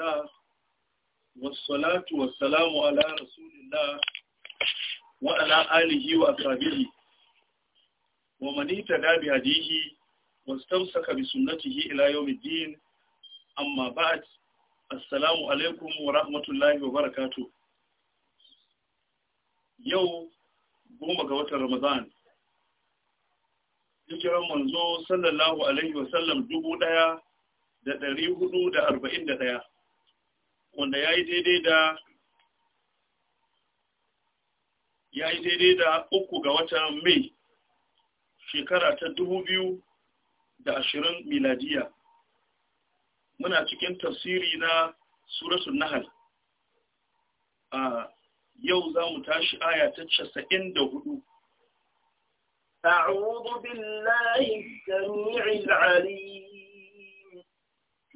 الله والصلاة والسلام على رسول الله وعلى آله وأصحابه ومن اهتدى بهديه واستمسك بسنته إلى يوم الدين أما بعد السلام عليكم ورحمة الله وبركاته يوم goma ga watan Ramadan. Hijiran manzo sallallahu Alaihi wasallam dubu ɗaya da ɗari hudu da arba'in da ɗaya, wanda ya yi daidai da ya yi daidai da uku ga wata mai shekara ta dubu biyu da ashirin miladiya muna cikin tafsiri na suratul nahal a yau za mu tashi aya ta casa'in da hudu أعوذ بالله السميع العليم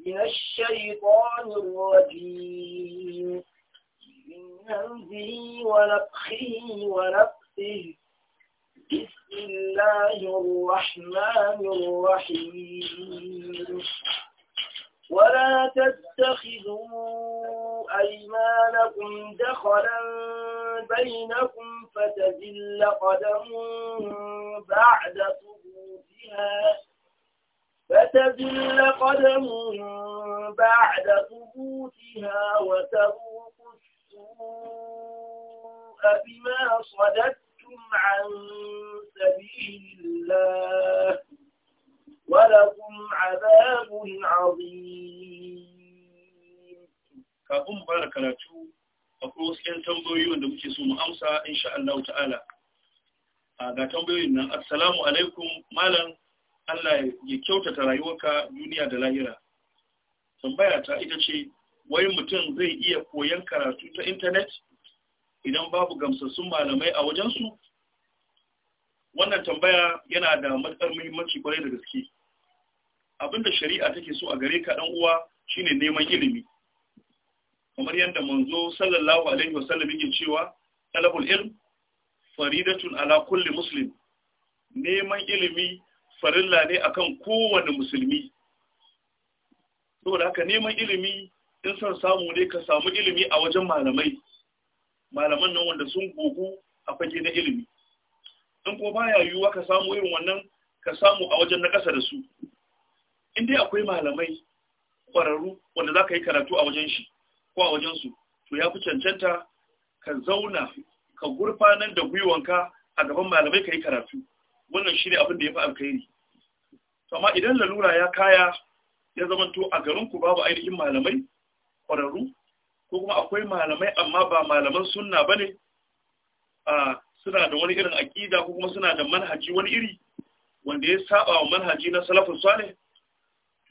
من الشيطان الرجيم من همزه ونفخه ونفسه بسم الله الرحمن الرحيم ولا تتخذوا أيمانكم دخلا بينكم فتزل قدم بعد ثبوتها فتذل قدم بعد ثبوتها وتذوق السوء بما صددتم عن سبيل الله ولكم عذاب عظيم kafin fara karatu akwai wasu 'yan tambayoyin da muke so mu amsa insha Allah ta'ala ah, ga tambayoyin nan assalamu alaikum malam Allah ya kyautata rayuwarka duniya da lahira tambaya ta ita ce wai mutum zai iya koyan karatu ta intanet idan babu gamsassun malamai a wajensu wannan tambaya yana da matsar muhimmanci kwarai da gaske abinda shari'a take so a gare ka ɗan uwa shine neman ilimi kamar yadda manzo sallallahu alaihi sallam yake cewa talabul ilm faridatun ala kulli muslim neman ilimi farilla ne akan kowane musulmi saboda haka neman ilimi in san samu ne ka samu ilimi a wajen malamai malaman nan wanda sun gogo a fage na ilimi in ko baya yiwuwa ka samu irin wannan ka samu a wajen na ƙasa da su in dai akwai malamai ƙwararru wanda za ka yi karatu a wajen shi ko a wajen su to ya fi cancanta ka zauna ka gurfanar da gwiwanka a gaban malamai ka yi karatu wannan shi ne abin da ya fi alkhairi amma idan lalura ya kaya ya zamanto a garin ku babu ainihin malamai ƙwararru ko kuma akwai malamai amma ba malaman sunna ba ne suna da wani irin aƙida ko kuma suna da manhaji wani iri wanda ya saba wa manhaji na salafin sale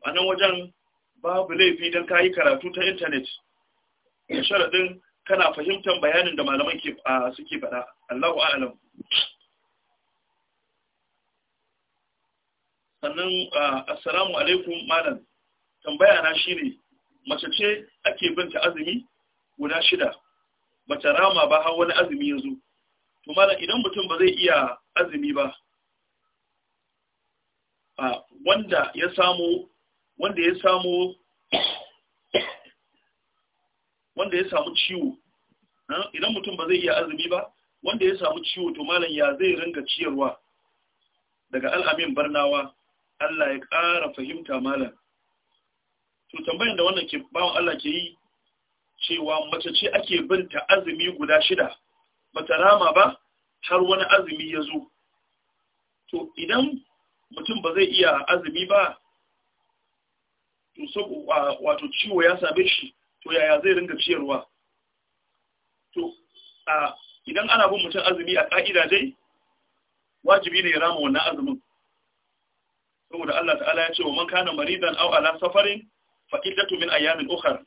a nan wajen babu laifi don ka yi karatu ta intanet da sharaɗin kana fahimtar bayanin da malaman suke faɗa allahu a'alam sannan assalamu alaikum malam tambaya na shine mace ce ake binta azumi guda shida bata rama ba har wani azumi yanzu to malam idan mutum ba zai iya azumi ba wanda ya samu wanda ya samu wanda ya samu ciwo idan mutum ba zai iya azumi ba wanda ya samu ciwo to malam ya zai ringa ciyarwa daga al'amin barnawa Allah ya ƙara fahimta malam to tambayar da wannan ke bawan Allah ke yi cewa mace ce ake binta azumi guda shida bata rama ba har wani azumi ya zo to idan mutum ba zai iya azumi ba to wato ciwo ya same shi to yaya zai ringa ciyarwa to idan ana bin mutum azumi a ƙa'ida dai wajibi ne ya rama wannan azumin saboda Allah ta'ala ya ce wa man kana maridan aw ala safarin fa iddatu min ayamin ukhra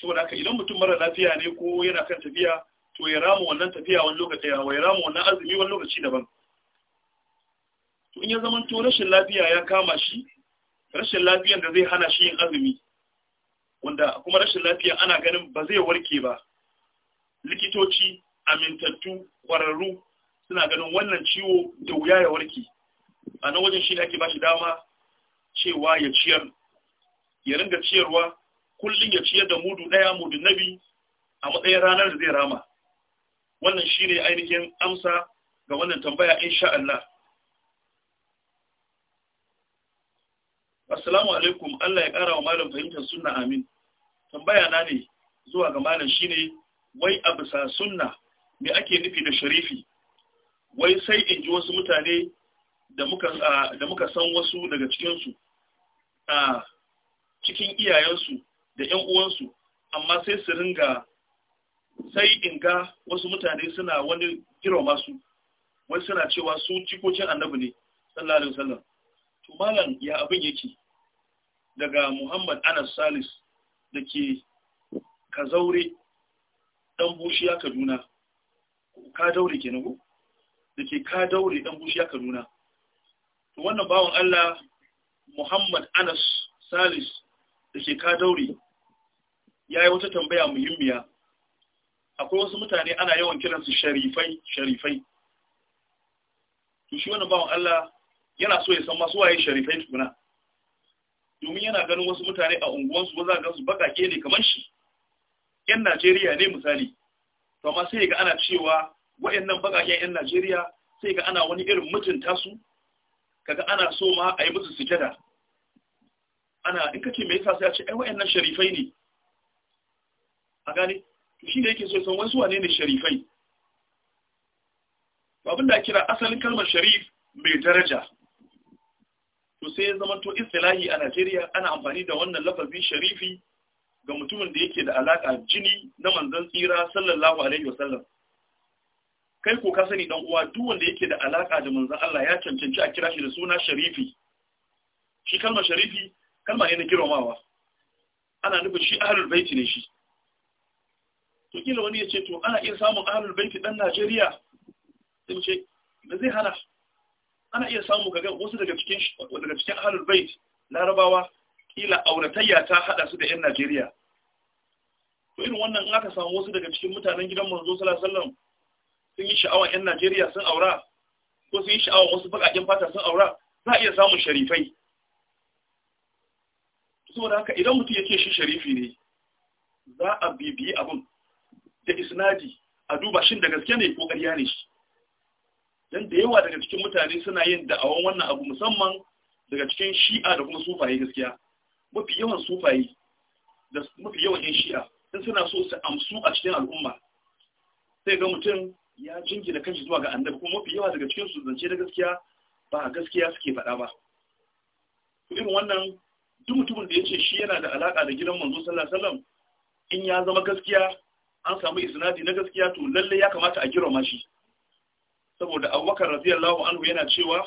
saboda haka idan mutum mara lafiya ne ko yana kan tafiya to ya rama wannan tafiya wani lokaci ya eh, ya rama wannan azumi wani lokaci daban to in ya zama to rashin lafiya ya kama shi rashin lafiyan da zai hana shi yin azumi wanda kuma rashin lafiya ana ganin ba zai warke ba likitoci amintattu kwararru suna ganin wannan ciwo da wuya ya warke a na wajen shi ne ake ba shi dama cewa ya ciyar ya ringa ciyarwa kullum ya ciyar da mudu ɗaya mudu nabi a matsayin ranar da zai rama wannan shi ne ainihin amsa ga wannan tambaya insha Allah assalamu alaikum Allah ya ƙara wa malam fahimtar sunna amin tambaya na ne zuwa ga malam shi ne. wai a bisa sunna me ake nufi da sharifi wai sai in ji wasu mutane da muka san wasu daga cikin a cikin iyayensu da 'yan uwansu amma sai su ringa sai in ga wasu mutane suna wani girma masu wani suna cewa su cikokin annabi ne sallallahu alaihi wasallam to malam ya abin yake daga Muhammad Anas Salis da ke zaure dan bushiya Kaduna ka daure kenan ko da ka daure dan bushiya Kaduna wannan bawan Allah Muhammad Anas Salis da ke Kadauri ya yi wata tambaya muhimmiya akwai wasu mutane ana yawan kiransu sharifai sharifai to wannan bawan Allah yana so ya san masu waye sharifai tukuna domin yana ganin wasu mutane a unguwansu ba za ga su bakake ne kamar shi yan Najeriya ne misali to ma sai ga ana cewa nan bakaken yan Najeriya sai ga ana wani irin mutunta su kaga ana so ma a yi musu sujada ana in kace me yasa sai a ce ai wayannan sharifai ne a gane shi ne yake so san wasu wane ne sharifai to abinda kira asalin kalmar sharif mai daraja to sai ya zama to istilahi a Najeriya ana amfani da wannan lafazin sharifi ga mutumin da yake da alaka jini na manzon tsira sallallahu alaihi wasallam kai ko ka sani dan uwa duk wanda yake da alaka da manzon Allah ya cancanci a kira shi da suna sharifi shi kalma sharifi kalma ne na kiromawa ana nufin shi ahlul baiti ne shi to kila wani ya ce to ana iya samun ahlul baiti dan Najeriya sai mu ce da zai hana ana iya samu kaga wasu daga cikin daga cikin ahlul baiti larabawa kila auratayya ta hada su da yan Najeriya to irin wannan in aka samu wasu daga cikin mutanen gidan manzo sallallahu alaihi wasallam sun yi sha'awar 'yan Najeriya sun aura ko sun yi sha'awar wasu baƙaƙen fata sun aura za a iya samun sharifai saboda haka idan mutum ya ce shi sharifi ne za a bibiyi abin da isnadi a duba shin da gaske ne ko ƙarya ne shi don da yawa daga cikin mutane suna yin da'awan wannan abu musamman daga cikin shi'a da kuma sufaye gaskiya mafi yawan sufaye da mafi yawan yan shi'a in suna so su amsu a cikin al'umma sai ga mutum ya jingina kanshi zuwa ga annabi kuma mafi yawa daga cikin su zance da gaskiya ba gaskiya suke faɗa ba irin wannan duk mutumin da ya ce shi yana da alaka da gidan manzo sallallahu alaihi wasallam in ya zama gaskiya an samu isnadi na gaskiya to lalle ya kamata a girma shi saboda abubakar radiyallahu anhu yana cewa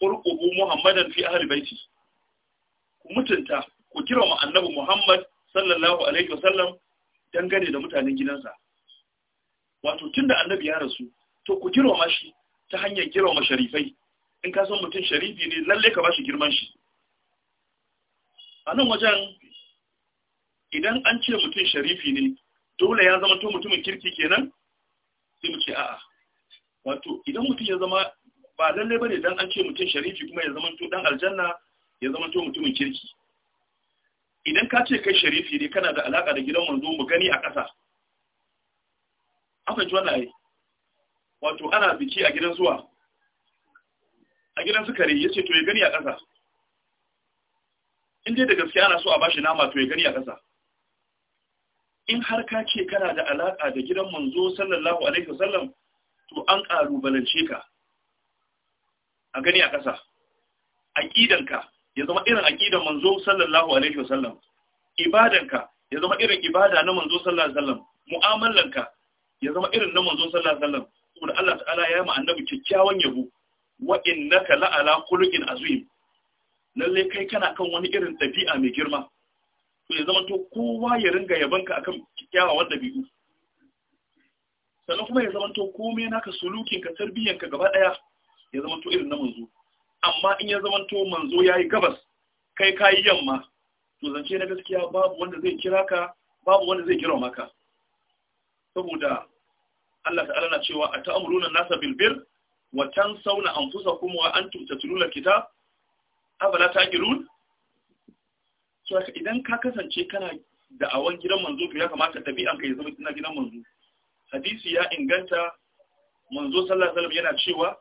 qurqubu muhammadan fi ahli baiti ku mutunta ku girma annabi muhammad sallallahu alaihi wasallam dangane da mutanen gidansa wato da annabi ya rasu to ku girma shi ta hanyar girma masharifai in ka san mutum sharifi ne lalle ka bashi girman shi a nan wajen idan an ce mutum sharifi ne dole ya zama to mutumin kirki kenan sai mu ce a'a wato idan mutum ya zama ba lalle bane dan an ce mutum sharifi kuma ya zama to dan aljanna ya zama to mutumin kirki idan ka ce kai sharifi ne kana da alaka da gidan manzo mu gani a ƙasa aka ji wannan wato ana biki a gidan zuwa a gidan su kare yace to ya gani a ƙasa in dai da gaskiya ana so a bashi nama to ya gani a ƙasa in har ka ce kana da alaƙa da gidan manzo sallallahu alaihi wasallam to an ƙalubalance ka a gani a ƙasa ka ya zama irin ƙidan manzo sallallahu alaihi wasallam ka ya zama irin ibada na manzo sallallahu alaihi wasallam ka. ya zama irin na manzon sallallahu alaihi wasallam saboda Allah ta'ala ya yi ma annabi kikkiawan yabo wa innaka la'ala khuluqin azim lalle kai kana kan wani irin dabi'a mai girma to ya zama to kowa ya ringa yabanka akan wanda dabi'u sannan kuma ya zama to komai naka sulukin ka tarbiyyan ka gaba daya ya zama to irin na manzo amma in ya zama to manzo yayi gabas kai kai yamma to zance na gaskiya babu wanda zai kira ka babu wanda zai kira maka saboda Allah ta'ala na cewa a ta'amuruna nasa bilbir wa can sauna an fusa kuma wa an tuta tulula kita bala ta girun so idan ka kasance kana awon gidan manzo to ya kamata ɗabi'an ka ya zama na gidan manzo hadisi ya inganta manzo sallallahu alaihi wasallam yana cewa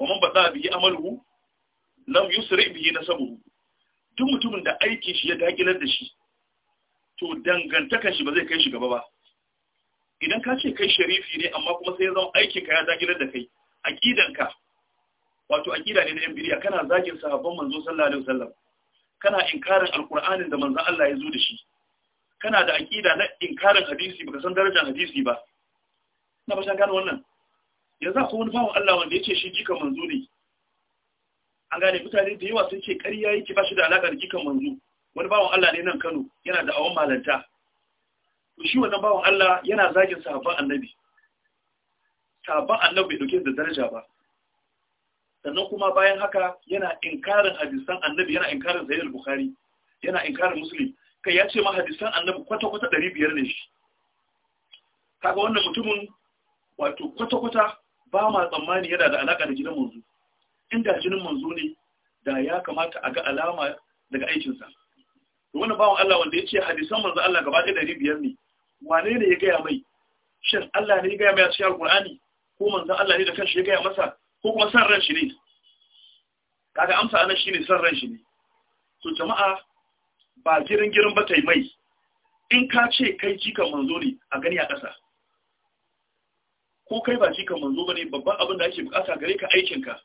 wa man bada bihi amaluhu lam yusri bihi nasabu duk mutumin da aiki shi ya dakilar da shi to dangantakar shi ba zai kai shi gaba ba idan ka ce kai sharifi ne amma kuma sai ya zama aikin ka ya zagirar da kai aqidan ka wato aqida ne na yan bid'a kana zagin sahabban manzo sallallahu alaihi wasallam kana inkarin alqur'anin da manzo Allah ya zo da shi kana da aqida na inkarin hadisi baka san darajar hadisi ba na ba san gano wannan yanzu akwai wani bawan Allah wanda ce shi jikan manzo ne an gane mutane da yawa sun ce ƙarya yake ba shi da da jikan manzo wani bawan Allah ne nan Kano yana da awon malanta shi wannan bawan Allah yana zagin sahabban annabi sahabban annabi bai dauke da daraja ba sannan kuma bayan haka yana inkarin hadisan annabi yana inkarin sahih al-bukhari yana inkarin muslim kai ya ce ma hadisan annabi kwata-kwata 500 ne shi kaga wannan mutumin wato kwata-kwata ba ma tsammani yana da alaka da gidan manzo inda jinin manzo ne da ya kamata a ga alama daga aikinsa wannan bawan Allah wanda ya ce hadisan manzo Allah gaba ɗaya 500 ne wane ne ya gaya mai shin Allah ne ya gaya mai a cikin alkur'ani ko manzan Allah ne da kanshi ya gaya masa ko kuma san ran shi ne kaga amsa anan shine san ran shi ne to jama'a ba girin girin ba tai mai in ka ce kai jika manzo ne a gani a ƙasa ko kai ba jika manzo ne babban abin da ake bukata gare ka aikin ka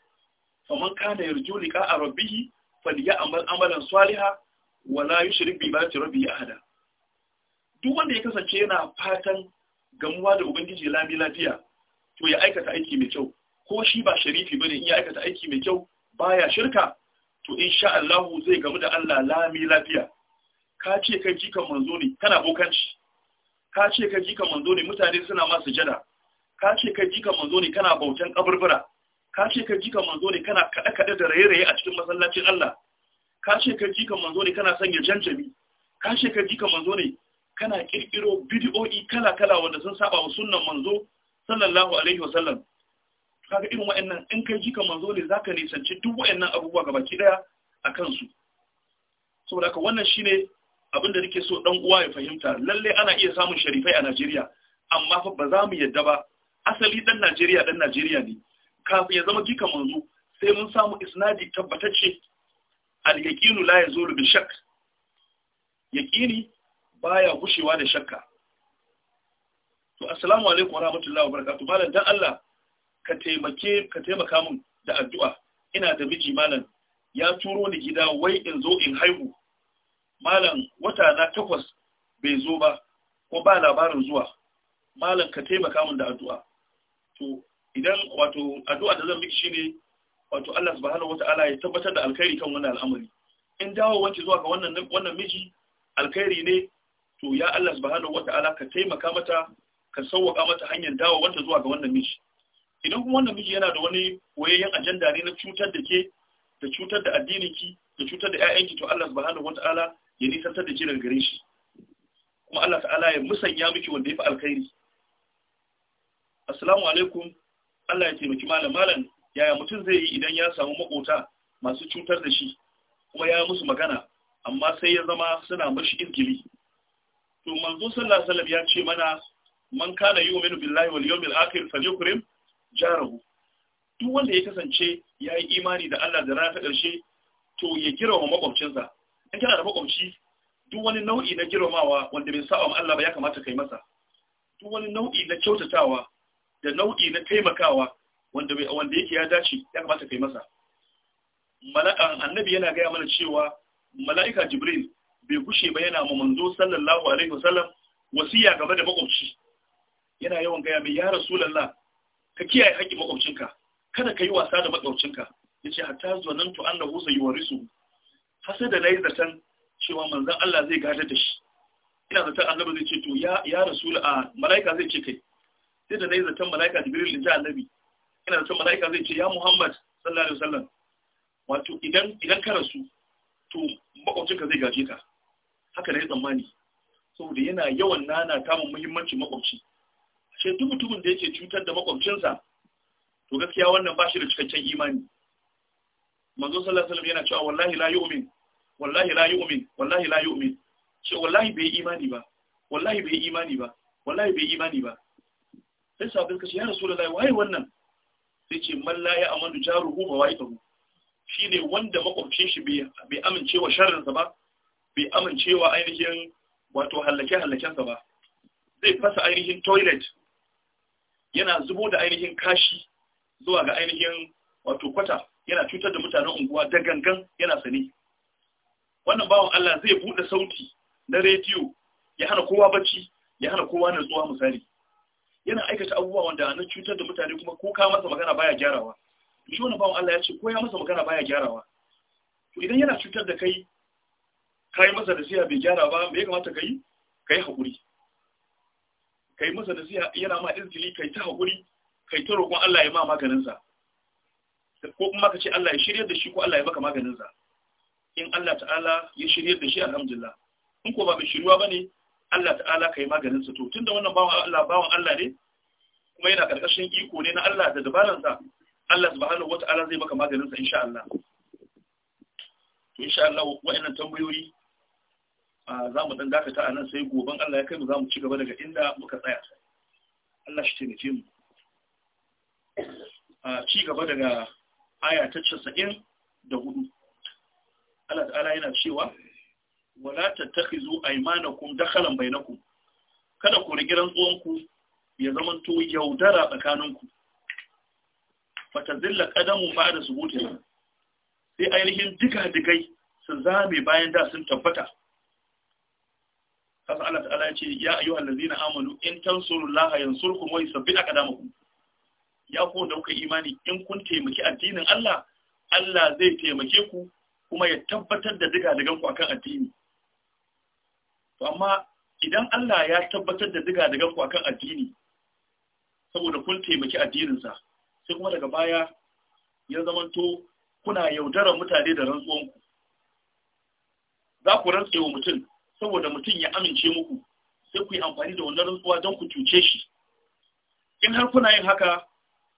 faman kana yarju liqa rabbih falyamal amalan salihah wala yushrik bi ibadati rabbihi ahada duk wanda ya kasance yana fatan gamuwa da ubangiji lami lafiya to ya aikata aiki mai kyau ko shi ba sharifi bane in ya aikata aiki mai kyau baya shirka to insha Allah zai gamu da Allah lami lafiya ka ce kai jikan manzo ne kana bokanci ka ce kai jikan manzo ne mutane suna masu jada. ka ce kai jikan manzo ne kana bautan kaburbura ka ce kai jikan manzo ne kana kada kada da raye-raye a cikin masallacin Allah ka ce kai jikan manzo ne kana sanya janjabi. ka ce kai jikan manzo ne kana kirkiro bidi'o'i kala-kala wanda sun saba wa sunnan manzo sallallahu alaihi wa sallam kaga irin wa'annan in kai kika manzo ne zaka nisanci duk wa'annan abubuwa gabaki daya a kansu saboda ka wannan shine abin da nake so dan uwa ya fahimta lalle ana iya samun sharifai a Najeriya amma fa ba za mu yadda ba asali dan Najeriya dan Najeriya ne kafin ya zama kika manzo sai mun samu isnadi tabbatacce al-yaqinu la yazulu bi shakk yaqini baya gushewa da shakka to assalamu alaikum wa wabarakatuh malam dan Allah ka taimake ka taimaka mun da addu'a ina da miji malam ya turo ni gida wai in zo in haihu malam wata na takwas bai zo ba ko ba labarin zuwa malam ka taimaka mun da addu'a to idan wato addu'a da zan miki shine wato Allah subhanahu wata'ala ya tabbatar da alkhairi kan wannan al'amari in dawo wanke zuwa ga wannan wannan miji alkhairi ne to ya Allah subhanahu wata'ala ka taimaka mata ka sauwaka mata hanyar dawo wanda zuwa ga wannan miji idan kuma wannan miji yana da wani koyayyen ajanda ne na cutar da ke da cutar da addinin ki da cutar da ki to Allah subhanahu wata'ala ya nisantar da ki daga gare shi kuma Allah ta'ala ya musanya miki wanda ya fi alkhairi assalamu alaikum Allah ya taimaki malam malam yaya mutum zai yi idan ya samu makota masu cutar da shi kuma ya musu magana amma sai ya zama suna mashi izgili to manzo sallallahu alaihi wasallam ya ce mana man kana yu'minu billahi wal yawmil akhir falyukrim jarahu duk wanda ya kasance ya yi imani da Allah da rana ta to ya girma makwabcinsa in kana da makwabci duk wani nau'i na girmamawa wanda bai sa wa Allah ba ya kamata kai masa duk wani nau'i na kyautatawa da nau'i na taimakawa wanda bai wanda yake ya dace ya kamata kai masa annabi yana gaya mana cewa mala'ika jibril bai gushe ba yana mu manzo sallallahu alaihi wasallam wasiya game da makwabci yana yawan gaya mai ya rasulullah ka kiyaye haƙƙin makwabcinka kada ka yi wasa da makwabcinka yace hatta zanantu annahu sayuwarisu hasa da nayi zaton cewa manzon Allah zai gadar da shi ina zaton annabi zai ce to ya ya rasul a malaika zai ce kai sai da nayi zaton malaika jibril din annabi ina zaton malaika zai ce ya muhammad sallallahu alaihi wasallam wato idan idan ka rasu to makwabcinka zai gaje ka haka ne tsammani saboda yana yawan nana kamun muhimmancin makwabci ashe duk mutumin da yake cutar da makwabcinsa to gaskiya wannan ba shi da cikakken imani manzo sallallahu alaihi wasallam yana cewa wallahi la yu'min wallahi la yu'min wallahi la yu'min ce wallahi bai imani ba wallahi bai imani ba wallahi bai imani ba sai sabbin kace ya rasulullahi wai wannan sai ce man la ya'manu jaruhu wa wa'idahu shine wanda makwabcin shi bai amince wa sharrinsa ba bai amincewa ainihin wato hallake-hallakensa ba zai fasa ainihin toilet yana zubo da ainihin kashi zuwa ga ainihin wato kwata yana cutar da mutanen unguwa da gangan yana sane wannan bawan Allah zai buɗe sauti na rediyo ya hana kowa bacci ya hana kowa natsuwa misali yana aikata abubuwa wanda na cutar da mutane kuma ko ka masa magana baya gyarawa shi wannan bawan Allah ya ce ko ya masa magana baya gyarawa to idan yana cutar da kai kai masa siya bai gyara ba me ya kamata kai kai hakuri kai masa siya yana ma izgili kai ta hakuri kai ta roƙon Allah ya ma maganin sa ko kuma ka ce Allah ya shirye da shi ko Allah ya baka maganin sa in Allah ta'ala ya shirye da shi alhamdulillah in ko ba mai shiruwa bane Allah ta'ala kai maganin sa to tunda wannan bawan Allah bawan Allah ne kuma yana karkashin iko ne na Allah da dabaran sa Allah subhanahu wata'ala zai baka maganin sa insha Allah to insha Allah wa'annan tambayoyi za mu dan dakata a nan sai goben Allah ya kai mu za mu ci gaba daga inda muka tsaya Allah shi taimake mu a ci gaba daga aya ta 90 da hudu Allah ta'ala yana cewa wala tattakhizu aymanakum dakhalan bainakum kada ku rigi rantsuwanku ya zamanto yaudara tsakaninku fatazilla qadamun ba'da subutiha sai ainihin duka digai su zame bayan da sun tabbata kasa Allah ta'ala ya ce ya ayyuha allazina amanu in tansurullaha yansurkum wa yusabbit aqdamakum ya ku da kuka imani in kun taimaki addinin Allah Allah zai taimake ku kuma ya tabbatar da diga digan ku akan addini to amma idan Allah ya tabbatar da diga digan ku akan addini saboda kun taimaki addinin sa sai kuma daga baya ya zamanto kuna yaudarar mutane da rantsuwanku za ku rantsewa mutum saboda mutum ya amince muku sai ku yi amfani da wannan rantsuwa don ku cuce shi in har kuna yin haka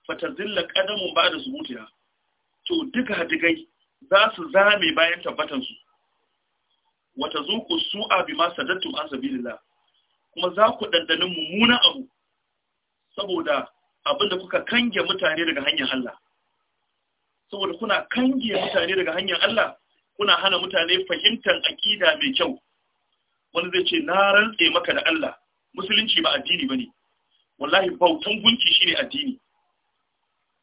zilla fatazilla ba da subutiha to duka hadigai za su zame bayan tabbatan su wata zuku su'a ma sadattum an sabilillah kuma za ku dandanin mummunan abu saboda abinda kuka kange mutane daga hanyar Allah saboda kuna kange mutane daga hanyar Allah kuna hana mutane fahimtar aƙida mai kyau wani zai ce na rantse maka da Allah musulunci ba addini bane wallahi bautan gunki shine addini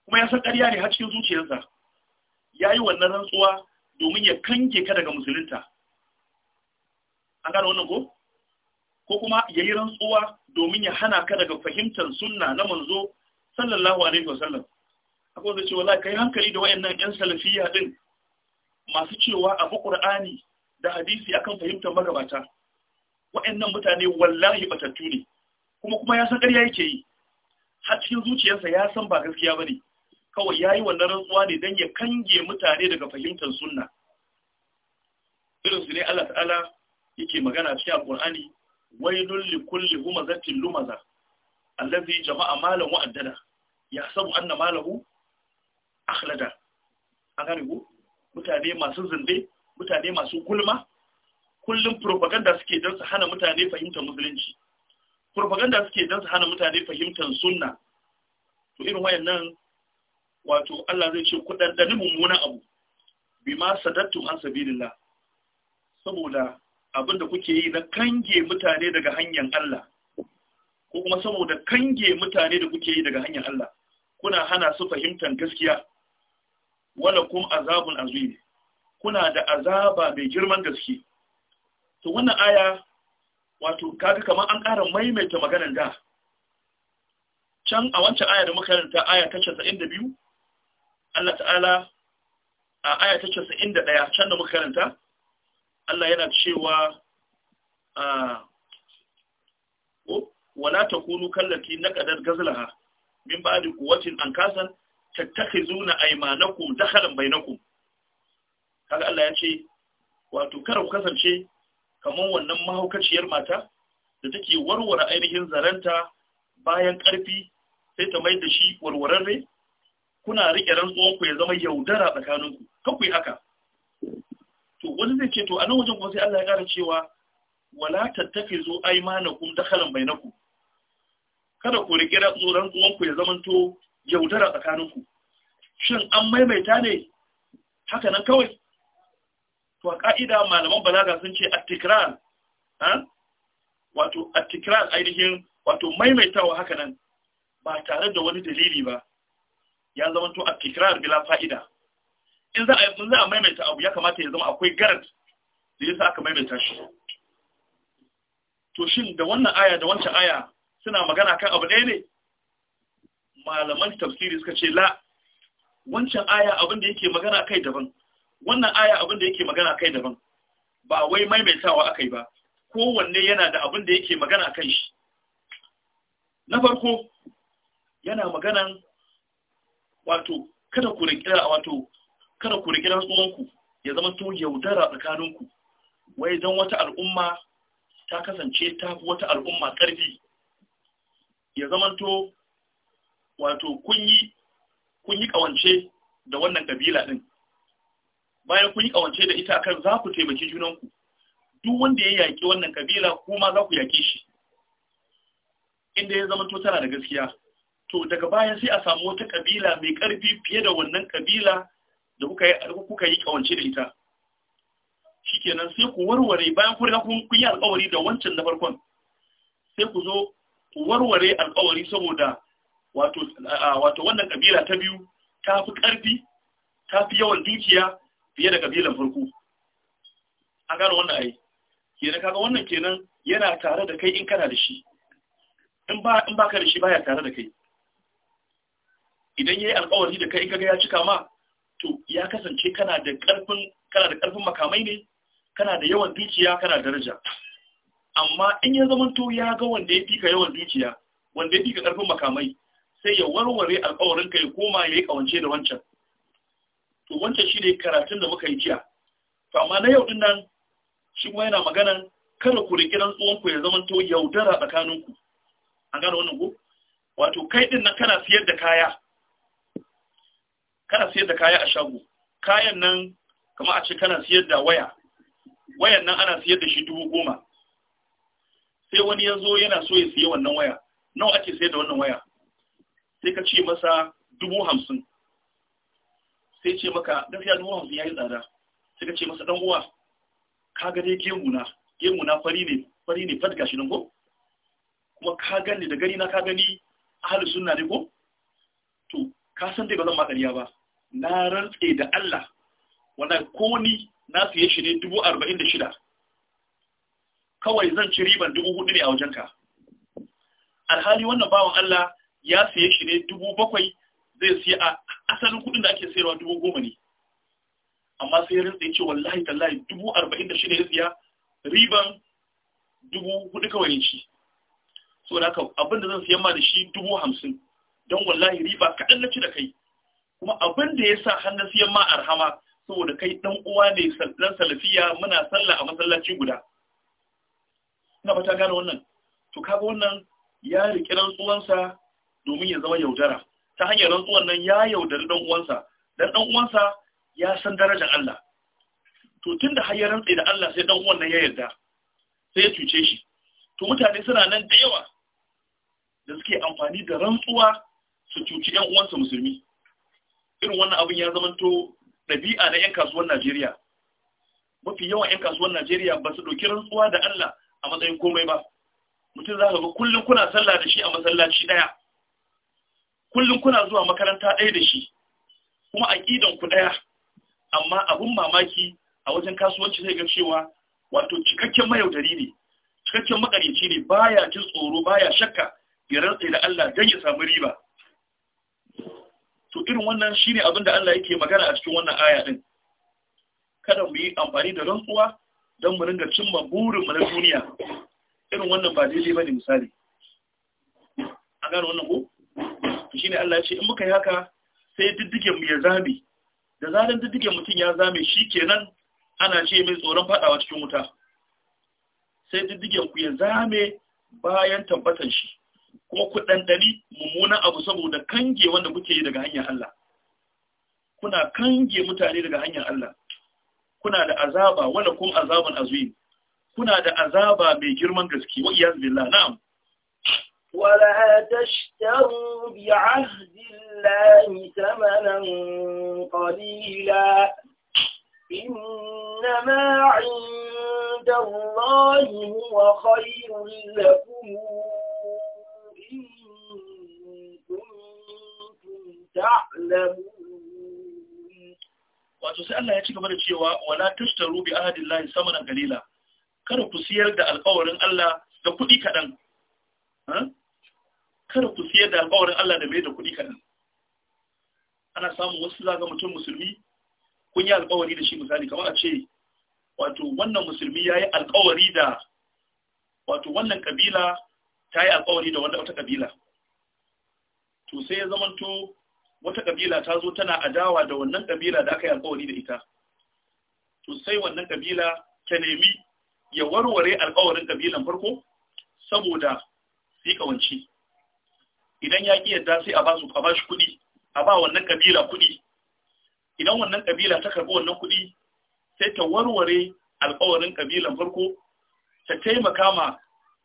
kuma ya san ƙarya ne har cikin zuciyarsa yayi wannan rantsuwa domin ya kange ka daga musulunta an gano wannan ko ko kuma yayi rantsuwa domin ya hana ka daga fahimtar sunna na manzo sallallahu alaihi wasallam akwai da ce wallahi kai hankali da wayannan yan salafiyya din masu cewa abu qur'ani da hadisi akan fahimtar magabata waɗannan mutane wallahi batattu ne kuma kuma ya san ƙarya yake yi har cikin zuciyarsa ya san ba gaskiya ba ne. kawai ya yi wannan rantsuwa ne don ya kange mutane daga fahimtar sunna irin su ne Allah ta'ala yake magana cikin alqur'ani wailul maza. humazatin lumaza allazi jama'a malan wa addada sabu anna malahu akhlada an gane ku mutane masu zinde mutane masu gulma kullum propaganda suke don su hana mutane fahimtar musulunci propaganda suke don su hana mutane fahimtar sunna to irin wayannan wato Allah zai ce ku dandani mummunan abu bima sadattu an sabilillah saboda abinda kuke yi na kange mutane daga hanyar Allah ko kuma saboda kange mutane da kuke yi daga hanyar Allah kuna hana su fahimtar gaskiya wala kum azabun azim kuna da azaba mai girman gaske to wannan aya wato kaga kamar an ƙara maimaita maganar da can a wancan aya da makaranta aya ta 92 Allah ta'ala a aya ta 91 can da makaranta Allah yana cewa a wala takunu na ƙadar gazlaha min ba'di quwwatin ankasan tattakhizuna aymanakum dakhalan bainakum kaga Allah ya ce wato 'Kar ku kasance kamar wannan mahaukaciyar mata da take warware ainihin zaranta bayan ƙarfi sai ta mai da shi warwararre kuna riƙe rantsuwanku ya zama yaudara tsakaninku kan ku yi haka to wani zai ce to a nan wajen kuma sai Allah ya ƙara cewa wala tattafi zo aimanakum dakhalan bainakum kada ku riƙe rantsuwanku ya zama to yaudara tsakaninku shin an maimaita ne haka nan kawai to a ka'ida malaman balaga sun ce attikran wato attikran ainihin wato maimaitawa haka nan ba tare da wani dalili ba ya zama to attikrar bila fa'ida in za a in za a maimaita abu ya kamata ya zama akwai garant da yasa aka maimaita shi to shin da wannan aya da wancan aya suna magana kan abu ɗaya ne malaman tafsiri suka ce la wancan aya abin da yake magana kai daban wannan aya abin da yake magana kai daban ba wai maimaitawa akai ba kowanne yana da abin da yake magana kan shi na farko yana maganan wato kada ku rikira wato kada ku rikira tsohonku ya zama to yaudara tsakaninku wai don wata al'umma ta kasance ta wata al'umma ƙarfi ya zama to wato kun yi ƙawance da wannan ƙabila ɗin bayan kun yi kawance da ita akan za ku taimaki junanku duk wanda ya yaƙi wannan kabila kuma za ku yaƙe shi inda ya zama to tana da gaskiya to daga baya sai a samu wata kabila mai ƙarfi fiye da wannan kabila da kuka yi kuka yi kawance da ita shikenan sai ku warware bayan kun riga kun yi alƙawari da wancan na farkon sai ku zo ku warware alƙawari saboda wato wato wannan kabila ta biyu ta fi ƙarfi ta fi yawan dukiya fiye da kabilan farko an gano wannan ai kenan kaga wannan kenan yana tare da kai in kana da shi in ba in baka da shi baya tare da kai idan yayi alƙawari da kai in kaga ya cika ma to ya kasance kana da ƙarfin kana da ƙarfin makamai ne kana da yawan dukiya kana daraja amma in ya zama to ya ga wanda ya fika yawan dukiya wanda ya fika ƙarfin makamai sai ya warware alƙawarin ka ya koma ya yi kawance da wancan to wancan shi ne karatun da muka yi jiya to amma na yau din nan shi kuma yana maganan kada ku riƙi rantsuwanku ya zama to yaudara tsakaninku an gane wannan ko wato kai din nan kana siyar da kaya kana siyar da kaya a shago kayan nan kamar a ce kana siyar da waya wayan nan ana siyar da shi dubu goma sai wani ya zo yana so ya siya wannan waya nawa ake siyar da wannan waya sai ka ce masa dubu hamsin sai ce maka gafiya dubu wanzu ya yi tsada sai ka ce masa dan uwa ka ga dai gemu na fari ne fari ne fadga shi nan ko kuma ka gani da gani na ka gani ahalus sunna ne ko to ka san dai ba zan makariya ba na rantse da Allah wannan ko ni na fiye shi ne dubu arba'in da shida kawai zan ci riban dubu hudu ne a wajenka alhali wannan bawan Allah ya fiye shi ne dubu bakwai zai siya a asalin kuɗin da ake sayarwa dubu goma ne amma sai ya rinsa ce wallahi tallahi dubu arba'in da shida ya siya riban dubu hudu kawai ne shi so da abin da zan siyan ma da shi dubu hamsin don wallahi riba kaɗan na ci da kai kuma abin da ya sa hannun siyan ma arhama saboda kai ɗan uwa ne ɗan salafiya muna sallah a masallaci guda ina ta gane wannan to kaga wannan ya riƙi rantsuwansa domin ya zama yaudara ta hanyar rantsuwan nan ya yaudari dan uwansa dan dan uwansa ya san darajar Allah to tunda har ya rantsa da Allah sai dan uwan nan ya yarda sai ya cuce shi to mutane suna nan da yawa da suke amfani da rantsuwa su cuci yan uwansa musulmi irin wannan abin ya to ɗabi'a na yan kasuwar Najeriya mafi yawan yan kasuwar Najeriya ba su ɗauki rantsuwa da Allah a matsayin komai ba mutum za ka ga kullum kuna sallah da shi a masallaci ɗaya kullum kuna zuwa makaranta ɗaya da shi kuma aƙidan ku ɗaya amma abin mamaki a wajen kasuwanci zai ga cewa wato cikakken mayaudari ne cikakken makarici ne baya jin tsoro baya shakka ya rantsa da Allah dan ya samu riba to irin wannan shine abin da Allah yake magana a cikin wannan aya din kada mu yi amfani da rantsuwa don mu ringa cimma burin mu na duniya irin wannan ba daidai bane misali A gano wannan ko shi shine Allah ya ce in muka yi haka sai diddigen mu ya zame da zaran diddigen mutum ya zame shi kenan ana ce mai tsoron fadawa cikin wuta sai diddigen ku ya zame bayan tabbatar shi kuma ku dandani mummunan abu saboda kange wanda kuke yi daga hanyar Allah kuna kange mutane daga hanyar Allah kuna da azaba wala kum azabun azim kuna da azaba mai girman gaske wa iyaz billah na'am ولا تشتروا بعهد الله ثمنا قليلا إنما عند الله هو خير لكم إن كنتم تعلمون wato sai Allah ya ci gaba da cewa wala tashtaru bi ahadillahi samanan qalila kada ku siyar da alƙawarin Allah da kuɗi kaɗan kada ku siyar da alƙawarin Allah da mai da kuɗi kaɗan ana samun wasu zaga mutum musulmi kun yi alƙawari da shi misali kamar a ce wato wannan musulmi ya yi alƙawari da wato wannan ƙabila ta yi alƙawari da wanda wata ƙabila. to sai ya zamanto wata ƙabila ta zo tana adawa da wannan ƙabila da aka yi alƙawari da ita to sai wannan ƙabila ta nemi ya warware alƙawarin kabilan farko saboda su ƙawanci idan ya ki yadda sai a ba su a shi kuɗi a ba wannan kabila kuɗi idan wannan kabila ta karɓi wannan kuɗi sai ta warware alƙawarin kabilan farko ta taimaka ma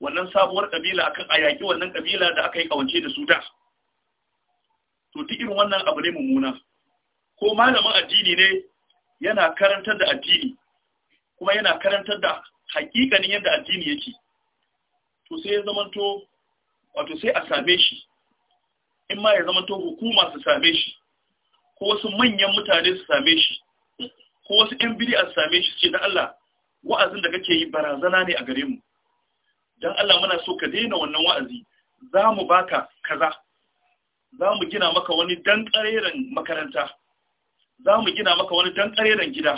wannan sabuwar kabila akan a yaƙi wannan kabila da aka yi kawance da su da to duk irin wannan abu ne mummuna ko malamin addini ne yana karantar da addini kuma yana karantar da hakikanin yadda addini yake to sai ya zamanto wato sai a same shi in ma ya zama to hukuma su same shi ko wasu manyan mutane su same shi ko wasu yan biri su same shi ce da Allah wa'azin da kake yi barazana ne a gare mu dan Allah muna so ka daina wannan wa'azi za mu baka kaza za mu gina maka wani dan makaranta za mu gina maka wani dan kareren gida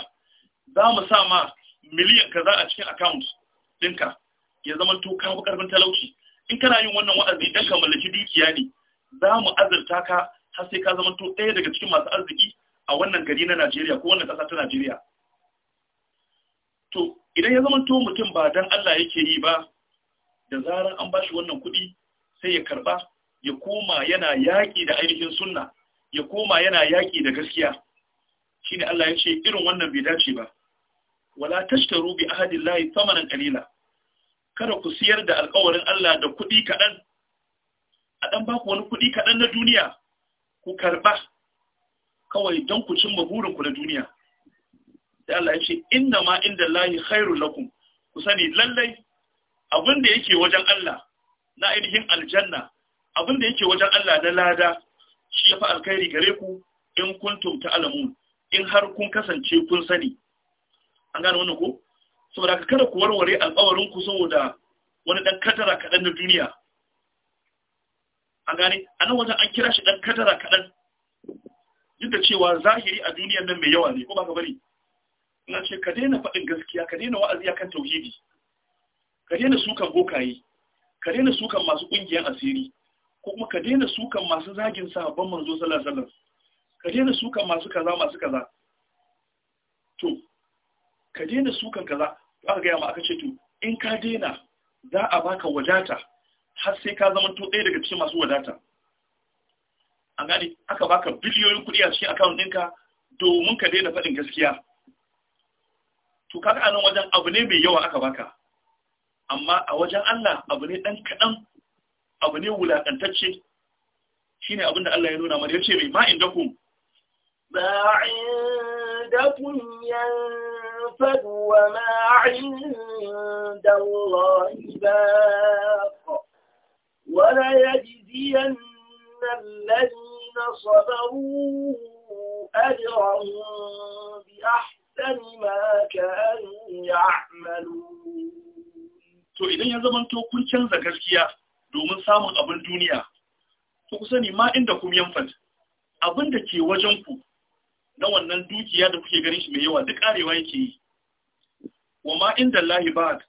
za mu sa ma miliyan kaza a cikin account ɗinka ya zama to ka bu ƙarfin talauci in kana yin wannan wa'azi dan ka mallaki dukiya ne za mu azurta ka har sai ka zama to ɗaya daga cikin masu arziki a wannan gari na Najeriya ko wannan ƙasa ta Najeriya to idan ya zama to mutum ba dan Allah yake yi ba da zaran an bashi wannan kuɗi sai ya karɓa, ya koma yana yaƙi da ainihin sunna ya koma yana yaƙi da gaskiya shine Allah ya ce irin wannan bai dace ba wala tashtaru bi ahadillahi samanan qalila kada ku siyar da alƙawarin Allah da kuɗi kaɗan a ɗan baku wani kuɗi kaɗan na duniya ku karɓa kawai don ku cimma burinku na duniya sai Allah ya ce inna ma inda lahi khairun lakum ku sani lallai abin da yake wajen Allah na ainihin aljanna abin da yake wajen Allah na lada shi ya fi alkhairi gare ku in kun tumta alamun, in har kun kasance kun sani an gane wannan ko saboda ka kada ku warware alƙawarin ku saboda wani ɗan katara kaɗan na duniya an gane a nan wajen an kira shi ɗan kadara kaɗan duk da cewa zahiri a duniyar nan mai yawa ne ko ba ka bari ina ce ka daina faɗin gaskiya ka daina wa'azi akan tauhidi ka daina sukan bokaye ka daina sukan masu ƙungiyar asiri ko kuma ka daina sukan masu zagin sahabban manzo sallallahu alaihi wasallam ka daina sukan masu kaza masu kaza to ka daina sukan kaza aka gaya ma aka ce to in ka daina za a baka wadata har sai ka zama to ɗaya daga cikin masu wadata an gani aka baka biliyoyin kuɗi a cikin akawun ɗinka domin ka daina faɗin gaskiya to kaga anan wajen abu ne mai yawa aka baka amma a wajen Allah abu ne ɗan kaɗan abu ne wulaƙantacce Shi ne abinda Allah ya nuna mana yace mai ma inda ku ma inda kun wa ma inda ba يجزين الذين صبروا أجرهم بأحسن ما كانوا يعملون to idan ya zamanto kun canza gaskiya domin samun abin duniya to ku sani ma inda kun yanfan abin da ke wajen ku na wannan dukiya da kuke ganin shi mai yawa duk arewa yake yi wa ma inda lahi ba'd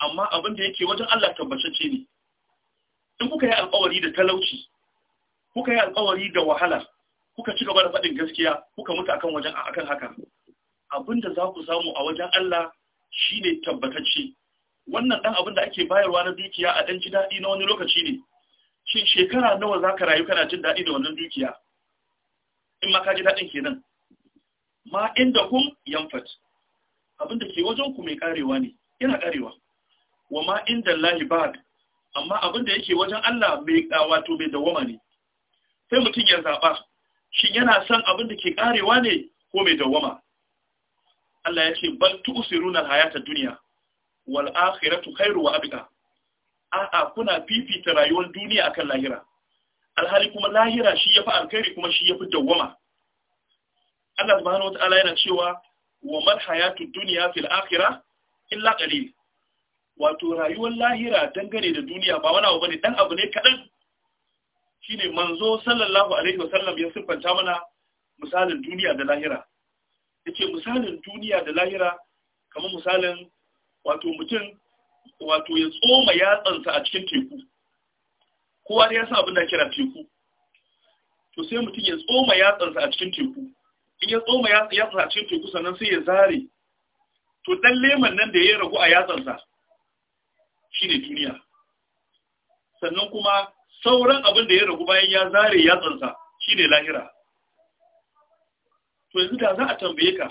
amma abin da yake wajen Allah tabbatacce ne in kuka yi alkawari da talauci kuka yi alkawari da wahala kuka ci gaba da faɗin gaskiya kuka mutu akan wajen akan haka abinda za ku samu a wajen Allah shi ne tabbatacce wannan dan abin da ake bayarwa na dukiya a dan ji daɗi na wani lokaci ne shin shekara nawa za ka rayu kana jin daɗi da wannan dukiya in ma ka ji daɗin kenan ma inda kun yamfat abin da ke wajen ku mai karewa ne yana karewa wa ma inda lahi ba amma abin da yake wajen Allah mai wato mai dawama ne sai mutum ya zaba shi yana son abin da ke karewa ne ko mai dawama Allah ya ce bal tu'siruna hayata dunya wal akhiratu khairu wa abqa a'a kuna fifita rayuwar duniya akan lahira alhali kuma lahira shi yafi alkhairi kuma shi yafi dawama Allah subhanahu ta'ala yana cewa wa mal hayatu dunya fil akhirah illa qalil wato rayuwar lahira dangane da duniya ba wani abu bane dan abu ne kaɗan shine manzo sallallahu alaihi wasallam ya siffanta mana misalin duniya da lahira yace misalin duniya da lahira kamar misalin wato mutum wato ya tsoma yatsansa a cikin teku kowa da ya sa abin da kira teku to sai mutum ya tsoma yatsansa a cikin teku in ya tsoma yatsansa a cikin teku sannan sai ya zare to dan leman nan da ya ragu a yatsansa shine duniya sannan kuma sauran abin da ya ragu bayan ya zare yatsansa shine lahira to yanzu da za a tambaye ka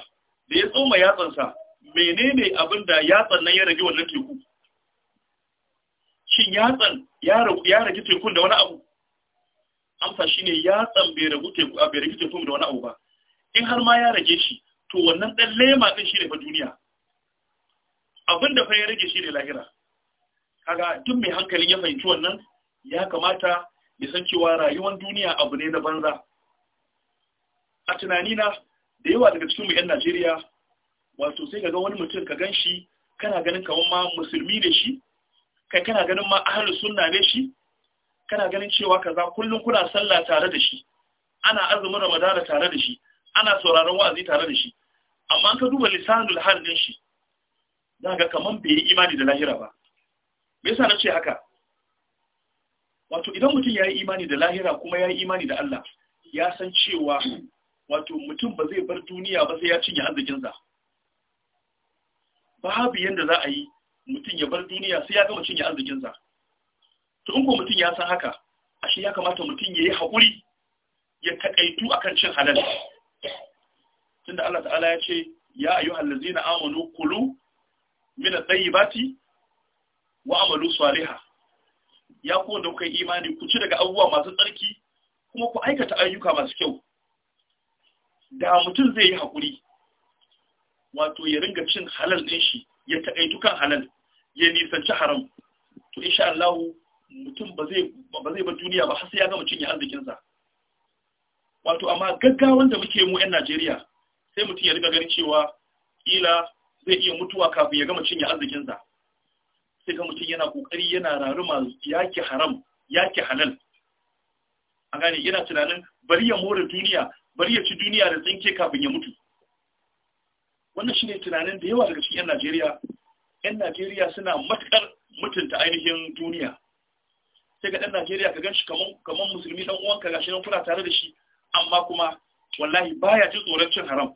da ya tsoma yatsansa menene abin da yatsan nan ya rage wannan teku shin yatsan ya rage tekun da wani abu amsa shine yatsan bai ragu teku bai rage tekun da wani abu ba in har ma ya rage shi to wannan dan lema din shine fa duniya abin da fa ya rage shine lahira kaga duk mai hankali ya fahimci wannan ya kamata ya san cewa rayuwar duniya abu ne na banza a tunani na da yawa daga cikin mu 'yan Najeriya wato sai ka ga wani mutum ka gan shi kana ganin kamar ma musulmi ne shi kai kana ganin ma ahlus sunna ne shi kana ganin cewa kaza kullum kuna sallah tare da shi ana azumin ramadana tare da shi ana sauraron wa'azi tare da shi amma ka duba lisanul hal din shi zaka kaman bai yi imani da lahira ba me yasa na ce haka wato idan mutum ya yi imani da lahira kuma ya yi imani da Allah ya san cewa wato mutum ba zai bar duniya ba sai ya cinye arzikinsa babu yanda za a yi mutum ya bar duniya sai ya gama cinye arzikinsa to in ko mutum ya san haka ashe ya kamata mutum ya yi haƙuri ya taƙaitu akan cin halal tunda Allah ta'ala ya ce ya ayyuhallazina amanu kulu min at-tayyibati wa amalu salihah ya ku wanda kuka yi imani ku ci daga abubuwa masu tsarki kuma ku aikata ayyuka masu kyau da mutum zai yi hakuri. wato ya ringa cin halal ɗin shi ya taƙaitu kan halal ya nisanci haram to insha Allah mutum ba zai ba duniya ba har sai ya gama cinye arzikinsa wato amma gaggawan da muke mu 'yan Najeriya sai mutum ya riga ganin cewa kila zai iya mutuwa kafin ya gama cinye arzikinsa sai ga mutum yana kokari yana raruma yaki haram yaki halal A gane yana tunanin bari ya more duniya bari ya ci duniya da tsinke kafin ya mutu wannan shine tunanin da yawa daga cikin 'yan Najeriya 'yan Najeriya suna matukar mutunta ainihin duniya sai ga ɗan Najeriya ka ganshi kaman kaman musulmi dan uwanka gashi nan kuna tare da shi amma kuma wallahi baya jin tsoron cin haram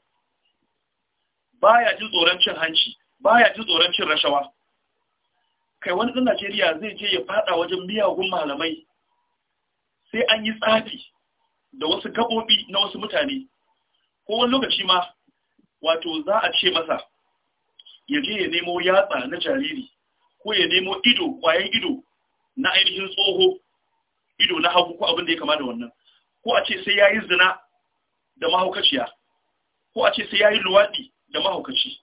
baya jin tsoron cin hanci baya jin tsoron cin rashawa kai wani ɗan Najeriya zai je ya faɗa wajen miyagun malamai sai an yi tsafi da wasu gaɓoɓi na wasu mutane ko wani lokaci ma wato za a ce masa ya je ya nemo yatsa na jariri ko ya nemo ido kwayan ido na ainihin tsoho ido na hagu ko abin da ya kama da wannan ko a ce sai ya yi zina da mahaukaciya ko a ce sai ya yi luwaɗi da mahaukaci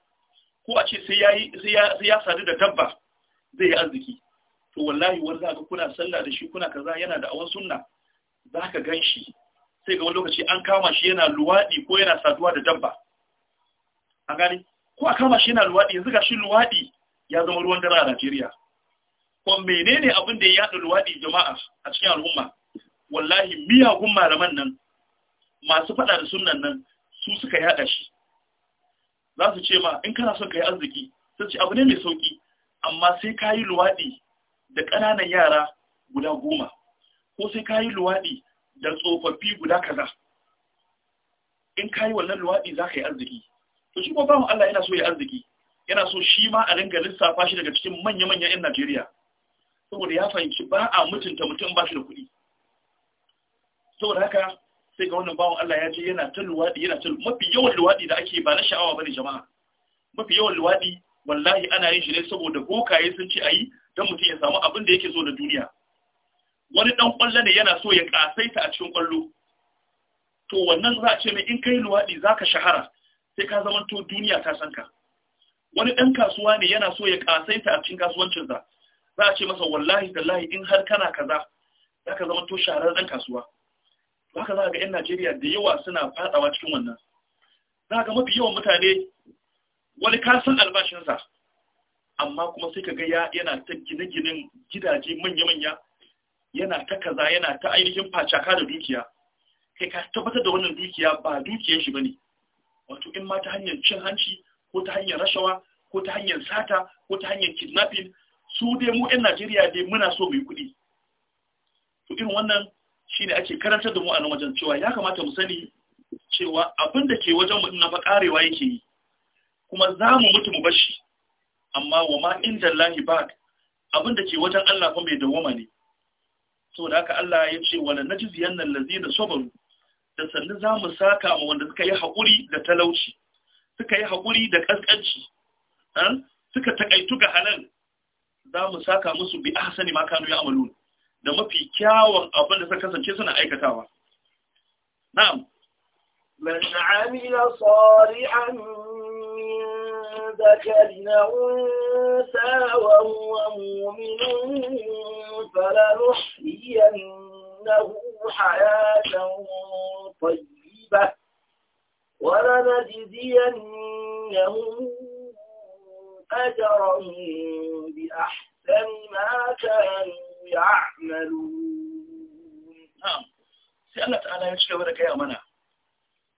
ko a ce sai ya sadu da dabba zai yi arziki to wallahi wanda ga kuna sallah da shi kuna kaza yana da awan sunna zaka gan shi sai ga wani lokaci an kama shi yana luwaɗi ko yana saduwa da dabba an gani ko a kama shi yana luwaɗi yanzu ga shi luwaɗi ya zama ruwan dare a Najeriya ko menene abin da ya yaɗa luwaɗi jama'a a cikin al'umma wallahi miyagun malaman nan masu faɗa da sunnan nan su suka yaɗa shi za su ce ma in kana son ka yi arziki sai ce abu ne mai sauki amma sai ka yi luwaɗi da ƙananan yara guda goma ko sai ka yi luwaɗi da tsofaffi guda kaza in ka yi wannan luwaɗi za ka yi arziki to shi bawan Allah yana so ya arziki yana so shi ma a ringa lissafa shi daga cikin manya-manya 'yan Najeriya saboda ya fahimci ba a mutunta mutum ba shi da kuɗi saboda haka sai ga wannan bawan Allah ya je yana ta luwaɗi yana ta mafi yawan luwaɗi da ake ba na sha'awa bane jama'a mafi yawan luwaɗi wallahi ana yin shi ne saboda bokaye sun ce ayi don mutum ya samu abin da yake so da duniya wani dan kwallo ne yana so ya kasaita a cikin kwallo to wannan za a ce mai in kai luwaɗi za ka shahara sai ka zama to duniya ta san wani ɗan kasuwa ne yana so ya kasaita a cikin kasuwancinsa za a ce masa wallahi tallahi in har kana kaza za ka zama to shaharar ɗan kasuwa haka za ga 'yan najeriya da yawa suna fadawa cikin wannan za ga mafi yawan mutane wani kasan albashinsa amma kuma sai ka ga yana ta gine-ginen gidaje manya-manya yana ta kaza yana ta ainihin facaka da dukiya kai ka tabbatar da wannan dukiya ba dukiyar shi bane wato in ma ta hanyar cin hanci ko ta hanyar rashawa ko ta hanyar sata ko ta hanyar kidnapping su dai mu 'yan Najeriya dai muna so mu yi kuɗi to irin wannan shine ake karantar da mu a nan wajen cewa ya kamata mu sani cewa abinda ke wajen mu na fa karewa yake yi kuma za mu mutu mu bashi amma wa ma inda lahi ba abin da ke wajen Allah fa mai dawoma ne da haka Allah ya ce wala najziyan nan da sabaru da sannu za mu saka ma wanda suka yi hakuri da talauci suka yi haƙuri da an eh, suka takaitu ga halal za mu saka musu bi ahsani ma kanu ya'malun da mafi kyawun abin da suka kasance suna aikatawa na'am man 'amila salihan ذكر أنثى وهو مؤمن فلنحيينه حياة طيبة ولنجزينهم أجرا بأحسن ما كانوا يعملون نعم سألت على يشكى ورقة يا منا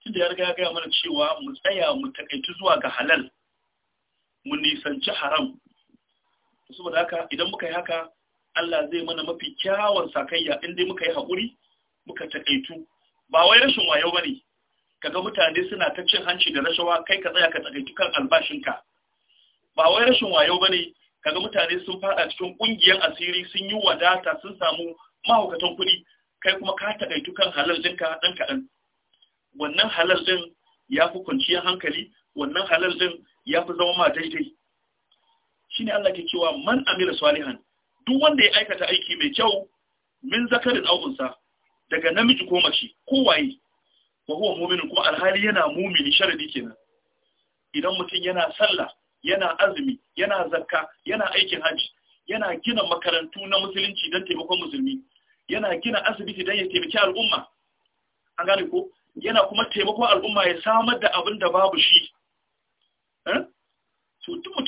تدير ya riga ya gaya mana cewa mu tsaya mu takaitu zuwa ga halal mu nisanci haram saboda haka idan muka yi haka Allah zai mana mafi kyawun sakayya in dai muka yi haƙuri muka takaitu ba wai rashin wayo bane kaga mutane suna ta cin hanci da rashawa kai ka tsaya ka takaitu kan albashinka ba wai rashin wayo bane kaga mutane sun faɗa cikin ƙungiyar asiri sun yi wadata sun samu mahaukatan kuɗi kai kuma ka takaitu kan halal ɗinka ɗan kaɗan wannan halal ɗin ya fi kwanciyar hankali wannan halal din ya fi zama ma daidai Shi ne Allah ke cewa man amira salihan duk wanda ya aikata aiki mai kyau min zakarin aukunsa daga namiji ko mace ko waye wa huwa mu'minun ko alhali yana mu'mini sharadi kenan idan mutum yana sallah yana azumi yana zakka yana aikin hajji yana gina makarantu na musulunci don taimakon musulmi yana gina asibiti don ya taimaki al'umma an gane ko yana kuma taimakon al'umma ya samar da abin da babu shi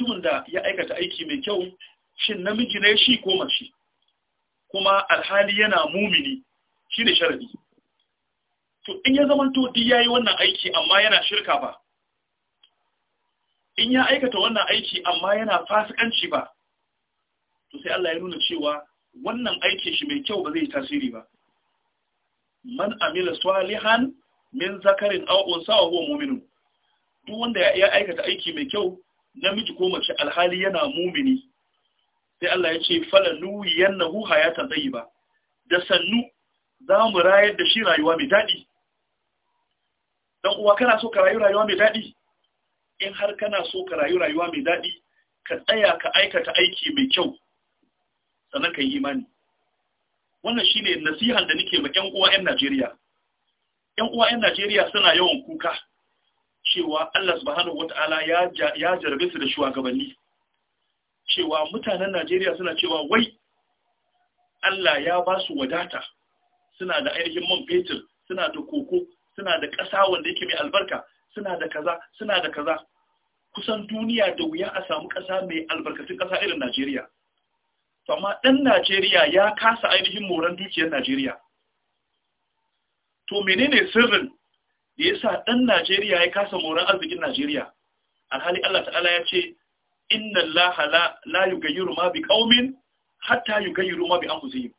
mutumin da ya aikata aiki mai kyau shin namiji ne shi ko mace kuma alhali yana mumini shi ne sharadi to in ya zama to di yayi wannan aiki amma yana shirka ba in ya aikata wannan aiki amma yana fasikanci ba to sai Allah ya nuna cewa wannan aikin shi mai kyau ba zai tasiri ba man amila salihan min zakarin aw unsa wa huwa mu'minun duk wanda ya aikata aiki mai kyau namiji ko mace alhali yana mumini sai Allah ya ce fala yannahu hayatan tayyiba da sannu za mu rayar da shi rayuwa mai daɗi dan uwa kana so ka rayu rayuwa mai daɗi in har kana so ka rayu rayuwa mai daɗi ka tsaya ka aikata aiki mai kyau sannan ka yi imani wannan shine nasihan da nake ma ƴan uwa ƴan Najeriya ƴan uwa ƴan Najeriya suna yawan kuka cewa Allah subhanahu wata'ala ya jarabe su da shugabanni cewa mutanen Najeriya suna cewa wai Allah ya ba su wadata suna da ainihin man fetur suna da koko suna da ƙasa wanda yake mai albarka suna da kaza suna da kaza kusan duniya da wuya a samu ƙasa mai albarkatun ƙasa irin Najeriya amma ɗan Najeriya ya kasa ainihin moran dukiyar Najeriya to menene sirrin da yasa dan Najeriya ya kasa moran arzikin Najeriya alhali Allah ta'ala ya ce inna Allah la la yughayyiru ma bi qaumin hatta yughayyiru ma bi anfusihim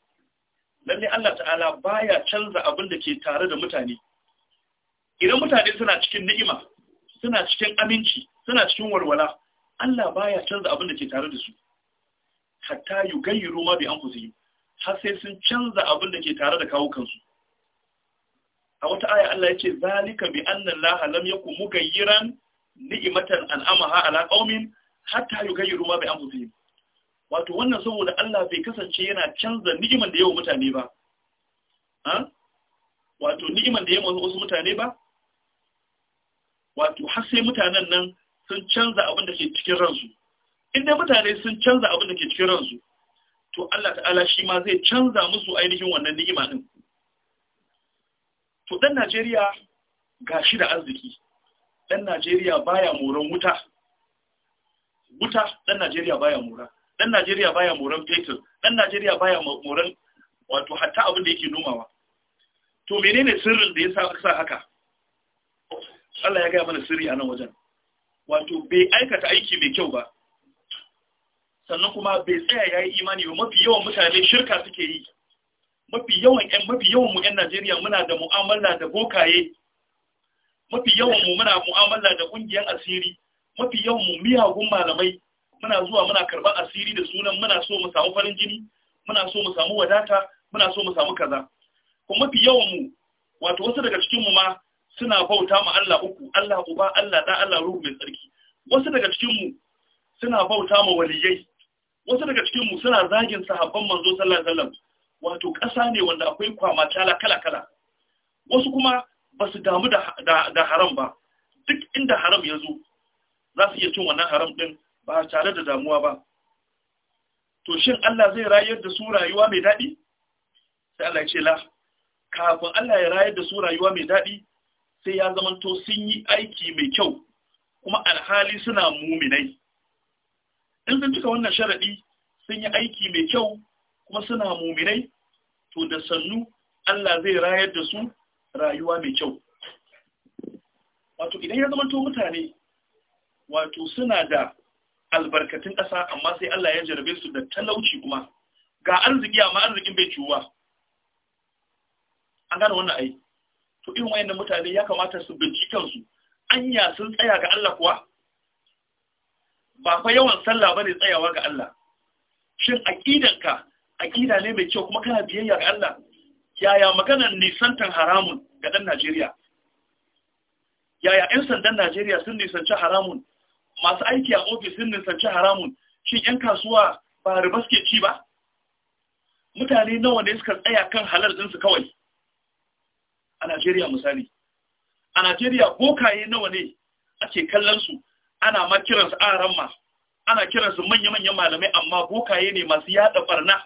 lalle Allah ta'ala baya canza abin da ke tare da mutane idan mutane suna cikin ni'ima suna cikin aminci suna cikin walwala Allah baya canza abin da ke tare da su hatta yughayyiru ma bi anfusihim har sai sun canza abin da ke tare da kawukansu a wata aya Allah ya ce zalika bi anna Allah lam yakun mugayyiran ni'matan ha ala qaumin hatta yugayyiru ma bi anfusihim wato wannan saboda Allah bai kasance yana canza ni'iman da yawa mutane ba ha wato ni'iman da yawa wasu mutane ba wato har sai mutanen nan sun canza abin da ke cikin ransu in dai mutane sun canza abin da ke cikin ransu to Allah ta'ala shi ma zai canza musu ainihin wannan ni'ima din to ɗan najeriya ga shi da arziki ɗan najeriya baya moran wuta wuta ɗan najeriya baya mora ɗan najeriya baya moran fetur ɗan najeriya baya moran wato hatta abin da yake nomawa to menene sirrin da ya sa haka Allah ya gaya mana sirri a nan wajen wato bai aikata aiki mai kyau ba sannan kuma bai tsaya ya yi imani ba mafi yawan mutane shirka suke yi mafi yawan ƴan mafi yawan mu ƴan Najeriya muna da mu'amala da bokaye mafi yawan mu muna mu'amala da ƙungiyar asiri mafi yawan mu miyagun malamai muna zuwa muna karɓar asiri da sunan muna so mu samu farin jini muna so mu samu wadata muna so mu samu kaza ko mafi yawan mu wato wasu daga cikin mu ma suna bauta ma Allah uku Allah uba Allah da Allah ruhu mai tsarki wasu daga cikin mu suna bauta ma waliyai wasu daga cikin mu suna zagin sahabban manzo sallallahu alaihi wasallam wato ƙasa ne wanda akwai kwama tala kala-kala wasu kuma ba su damu da haram ba duk inda haram ya zo za su iya cin wannan haram ɗin ba tare da damuwa ba to shin Allah zai rayar da su rayuwa mai daɗi sai Allah ya ce la kafin Allah ya rayar da su rayuwa mai daɗi sai ya zamanto sun yi aiki mai kyau kuma alhali suna muminai in sun cika wannan sharaɗi sun yi aiki mai kyau kuma suna muminai to da sannu Allah zai rayar da su rayuwa mai kyau wato idan ya zamanto mutane wato suna da albarkatun ƙasa amma sai Allah ya jarabe su da talauci kuma ga arziki amma arzikin bai ciwuwa an gane wannan ai to irin wayannan mutane ya kamata su binci kansu anya sun tsaya ga Allah kuwa ba fa yawan sallah ba ne tsayawa ga Allah shin aqidanka aƙida ne mai kyau kuma kana biyayya ga Allah yaya maganar nisantan haramun ga ɗan Najeriya yaya 'yan sandan Najeriya sun nisanci haramun masu aiki a ofis sun nisanci haramun shin 'yan kasuwa ba riba suke ci ba mutane nawa ne suka tsaya kan halal ɗinsu kawai a Najeriya misali a Najeriya bokaye nawa ne ake kallon su ana ma kiransu aran ma ana kiransu manya-manyan malamai amma bokaye ne masu yaɗa barna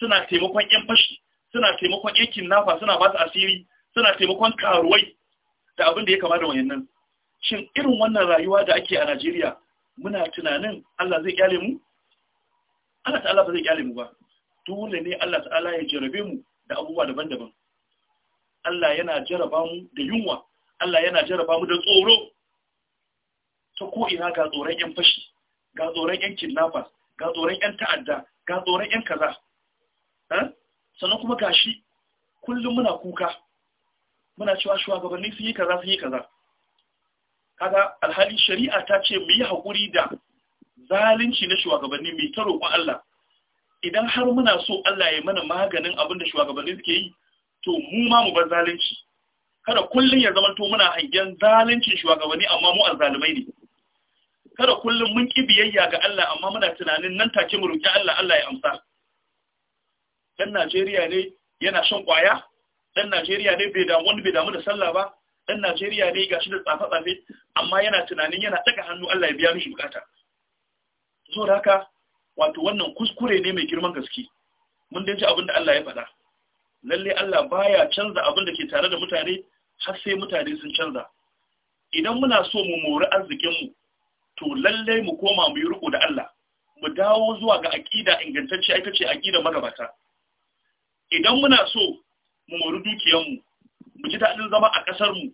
suna taimakon yan fashi suna taimakon yan kinnafa suna ba su asiri suna taimakon karuwai da abin da ya kama da wayannan shin irin wannan rayuwa da ake a Najeriya muna tunanin Allah zai kyale mu Allah ta'ala ba zai kyale mu ba dole ne Allah ta'ala ya jarabe mu da abubuwa daban-daban Allah yana jaraba mu da yunwa Allah yana jaraba mu da tsoro ta ko'ina ga tsoron ‘yan fashi, ga tsoron ‘yan kinnafa, ga tsoron ‘yan ta'adda, ga tsoron ‘yan kaza. Eh? sannan kuma gashi kullum muna kuka muna cewa shugabanni sun yi kaza sun yi kaza kaga alhali shari'a ta ce mu yi haƙuri da zalunci na shugabanni mai ta roƙon Allah idan har muna so Allah ya mana maganin abin da shugabanni suke yi to mu ma mu bar zalunci kada kullum ya zama to muna hangen zaluncin shugabanni amma mu azzalumai ne kada kullum mun ki biyayya ga Allah amma muna tunanin nan take mu roƙi Allah Allah ya amsa dan Najeriya ne yana shan kwaya dan Najeriya ne bai damu wani bai damu da sallah ba Ɗan Najeriya ne gashi da tsafa tsafe amma yana tunanin yana ɗaga hannu Allah ya biya mishi bukata so da haka wato wannan kuskure ne mai girman gaske mun dai ji abin da Allah ya faɗa lalle Allah baya canza abin da ke tare da mutane har sai mutane sun canza idan muna so mu mori arzikinmu to lalle mu koma mu yi riko da Allah mu dawo zuwa ga aƙida ingantacce ita ce aqida magabata idan muna so mu mori dukiyarmu mu ji daɗin zama a ƙasarmu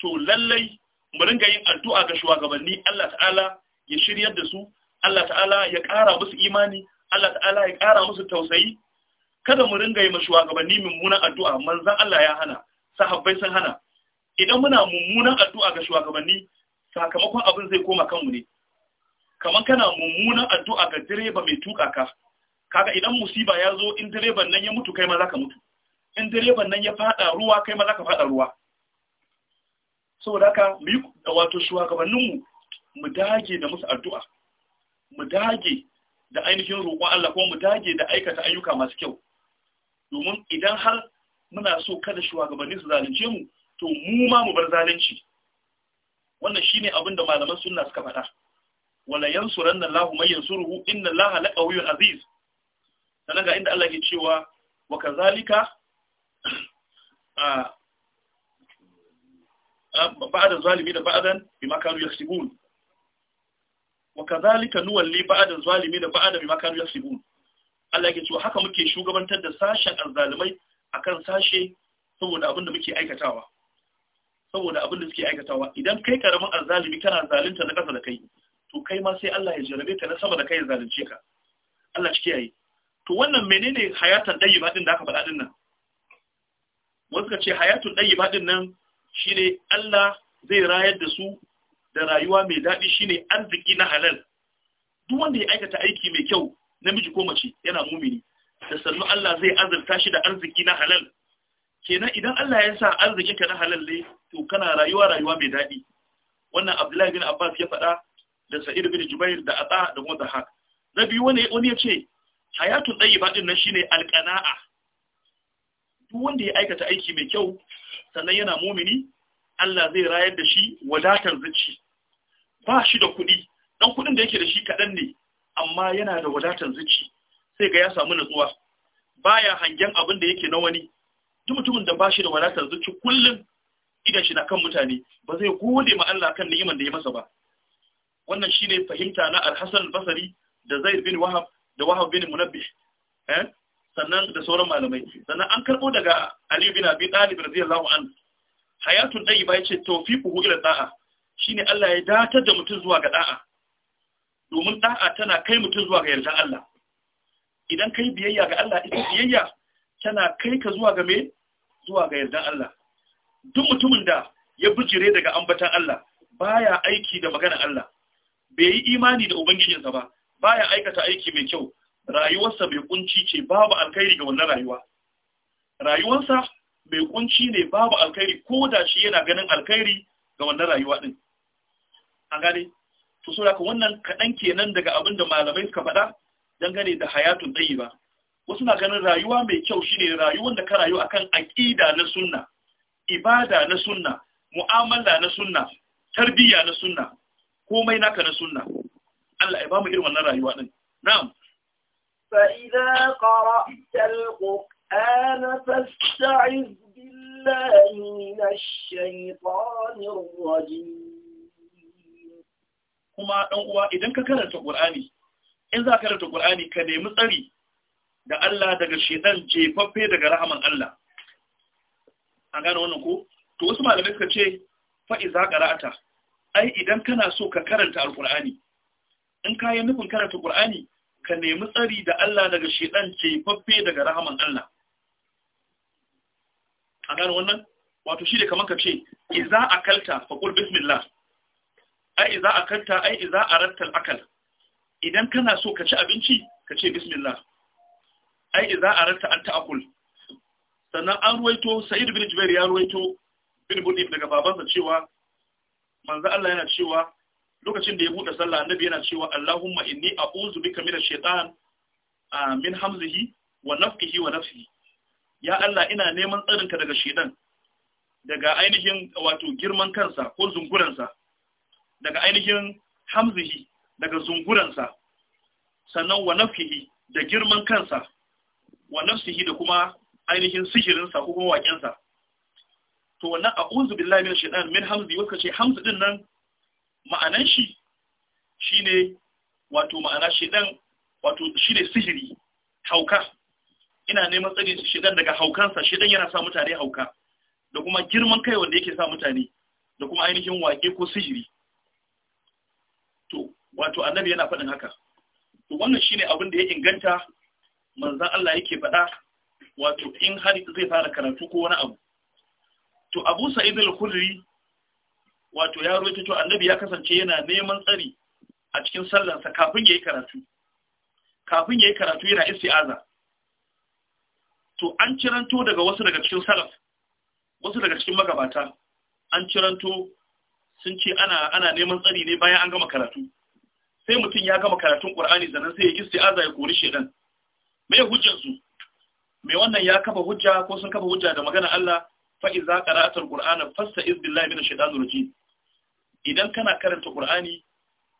to lallai mu ringa yin addu'a ga shugabanni Allah ta'ala ya shiryar da su Allah ta'ala ya ƙara musu imani Allah ta'ala ya ƙara musu tausayi kada mu ringa yi ma shugabanni mummunan addu'a manzon Allah ya hana sahabbai sun hana idan muna mummunan addu'a ga shugabanni sakamakon abin zai koma kanmu ne kamar kana mummunan addu'a ga direba mai tuka ka kaga idan musiba ya zo in direban nan ya mutu kai ma za ka mutu in direban nan ya fada ruwa kai ma za ka fada ruwa saboda haka mu yi wato shugabanninmu mu dage da musu addu'a mu dage da ainihin roƙon Allah ko mu dage da aikata ayyuka masu kyau domin idan har muna so kada shugabanni su zalunce mu to mu ma mu bar zalunci wannan shine abin da malaman sunna suka faɗa wala yansuranna Allahu may yansuruhu inna Allaha laqawiyyun aziz sannan ga inda Allah ke cewa wa kazalika a ah, ah, ba'da zalimi da ba'dan bima makanu yaksibun wa kazalika nuwalli da zalimi da ba'dan bima makanu yaksibun Allah ke cewa haka muke shugabantar da sashen azzalimai akan sashe saboda abin da muke aikatawa saboda abin da suke aikatawa idan kai karamin azzalimi kana zalunta na kasa da kai to kai ma sai Allah ya jarabe ka na sama da kai ya zalunce ka Allah cike yayi to wannan menene hayatan ba ɗin da aka faɗa ɗin nan wasu ka ce hayatun ba ɗin nan shine Allah zai rayar da su da rayuwa mai daɗi shine arziki na halal duk wanda ya aikata aiki mai kyau namiji ko mace yana mumini da sannu Allah zai azurta shi da arziki na halal kenan idan Allah ya sa arzikinka na halal ne to kana rayuwa rayuwa mai daɗi wannan Abdullahi bin Abbas ya faɗa da Sa'id bin Jubair da Ata da kuma Zahak na biyu wani wani ya ce hayatun ɗayyiba baɗin nan shine alƙana'a duk wanda ya aikata aiki mai kyau sannan yana mumini Allah zai rayar da shi wadatar zuci ba shi da kuɗi ɗan kuɗin da yake da shi kaɗan ne amma yana da wadatar zuci sai ga ya samu natsuwa baya hangen abin da yake na wani duk mutumin da ba shi da wadatar zuci kullum idan shi na kan mutane ba zai gode ma Allah kan ni'imar da ya masa ba wannan shine fahimta na Al-Hasan Al-Basri da Zaid bin Wahab da wahab bin munabbih eh sannan da sauran malamai sannan an karbo daga ali bin abi talib radiyallahu an hayatun dayyiba yace tawfiquhu ila da'a shine Allah ya datar da mutum zuwa ga da'a domin da'a tana kai mutum zuwa ga yardan Allah idan kai biyayya ga Allah ita biyayya tana kai ka zuwa ga me zuwa ga yardan Allah duk mutumin da ya bujire daga ambatan Allah baya aiki da magana Allah bai yi imani da ubangijinsa ba baya aikata aiki mai kyau rayuwarsa mai kunci ce babu alkhairi ga wannan rayuwa rayuwarsa mai kunci ne babu alkhairi ko da shi yana ganin alkhairi ga wannan rayuwa din an gane to so daga wannan kaɗan kenan daga abin da malamai suka faɗa dangane da hayatun tsayi ba wasu na ganin rayuwa mai kyau shine rayuwar da ka rayu akan aƙida na sunna ibada na sunna mu'amala na sunna tarbiyya na sunna komai naka na sunna Allah ya ba mu irin wannan rayuwa din na'am fa idza qara'ta al-qur'an fasta'iz billahi minash shaitanir rajim kuma dan uwa idan ka karanta qur'ani in za ka karanta qur'ani ka nemi tsari da Allah daga shedan jefaffe daga rahaman Allah an gane wannan ko to wasu malamai suka ce fa'iza ƙara'ata ai idan kana so ka karanta alƙulani in ka yi nufin karatu Qur'ani ka nemi tsari da Allah daga shedan ce faffe daga rahaman Allah a gano wannan wato shi da kamar ka ce iza akalta fa qul bismillah ai iza akalta ai iza aratta al-akal idan kana so ka ci abinci ka ce bismillah ai iza aratta an ta'akul sannan an ruwaito Sa'id bin Jubair ya ruwaito bin Budi daga babansa cewa manzo Allah yana cewa lokacin da ya buɗe sallah annabi yana cewa Allahumma inni a'udhu bika minash shaitan min hamzihi wa nafkihi wa nafsihi ya Allah ina neman tsarinka daga shaitan daga ainihin wato girman kansa ko zunguransa daga ainihin hamzihi daga zunguransa sannan wa nafkihi da girman kansa wa nafsihi da kuma ainihin sihirinsa ko kuma wakensa to wannan a'udhu billahi minash shaitan min hamzi waka ce hamzu din nan ma'anan shi shine wato ma'ana shedan wato shine sihiri hauka ina neman tsari shedan daga haukansa shedan yana sa mutane hauka da kuma girman kai wanda yake sa mutane da kuma ainihin wake ko sihiri to wato annabi yana faɗin haka to wannan shine abin da ya inganta manzan Allah yake faɗa wato in har zai fara karatu ko wani abu to Abu Sa'id al-Khudri wato ya roƙi to annabi ya kasance yana neman tsari a cikin sallarsa kafin ya yi karatu kafin ya yi karatu yana isti'aza to an ciranto daga wasu daga cikin salaf wasu daga cikin magabata an ciranto sun ce ana ana neman tsari ne bayan an gama karatu sai mutum ya gama karatun Qur'ani sannan sai ya isti'aza ya kori shedan me hujjar su me wannan ya kafa hujja ko sun kafa hujja da magana Allah fa idza qara'ta alqur'ana fasta'iz billahi minash shaitanir rajim idan kana karanta qur'ani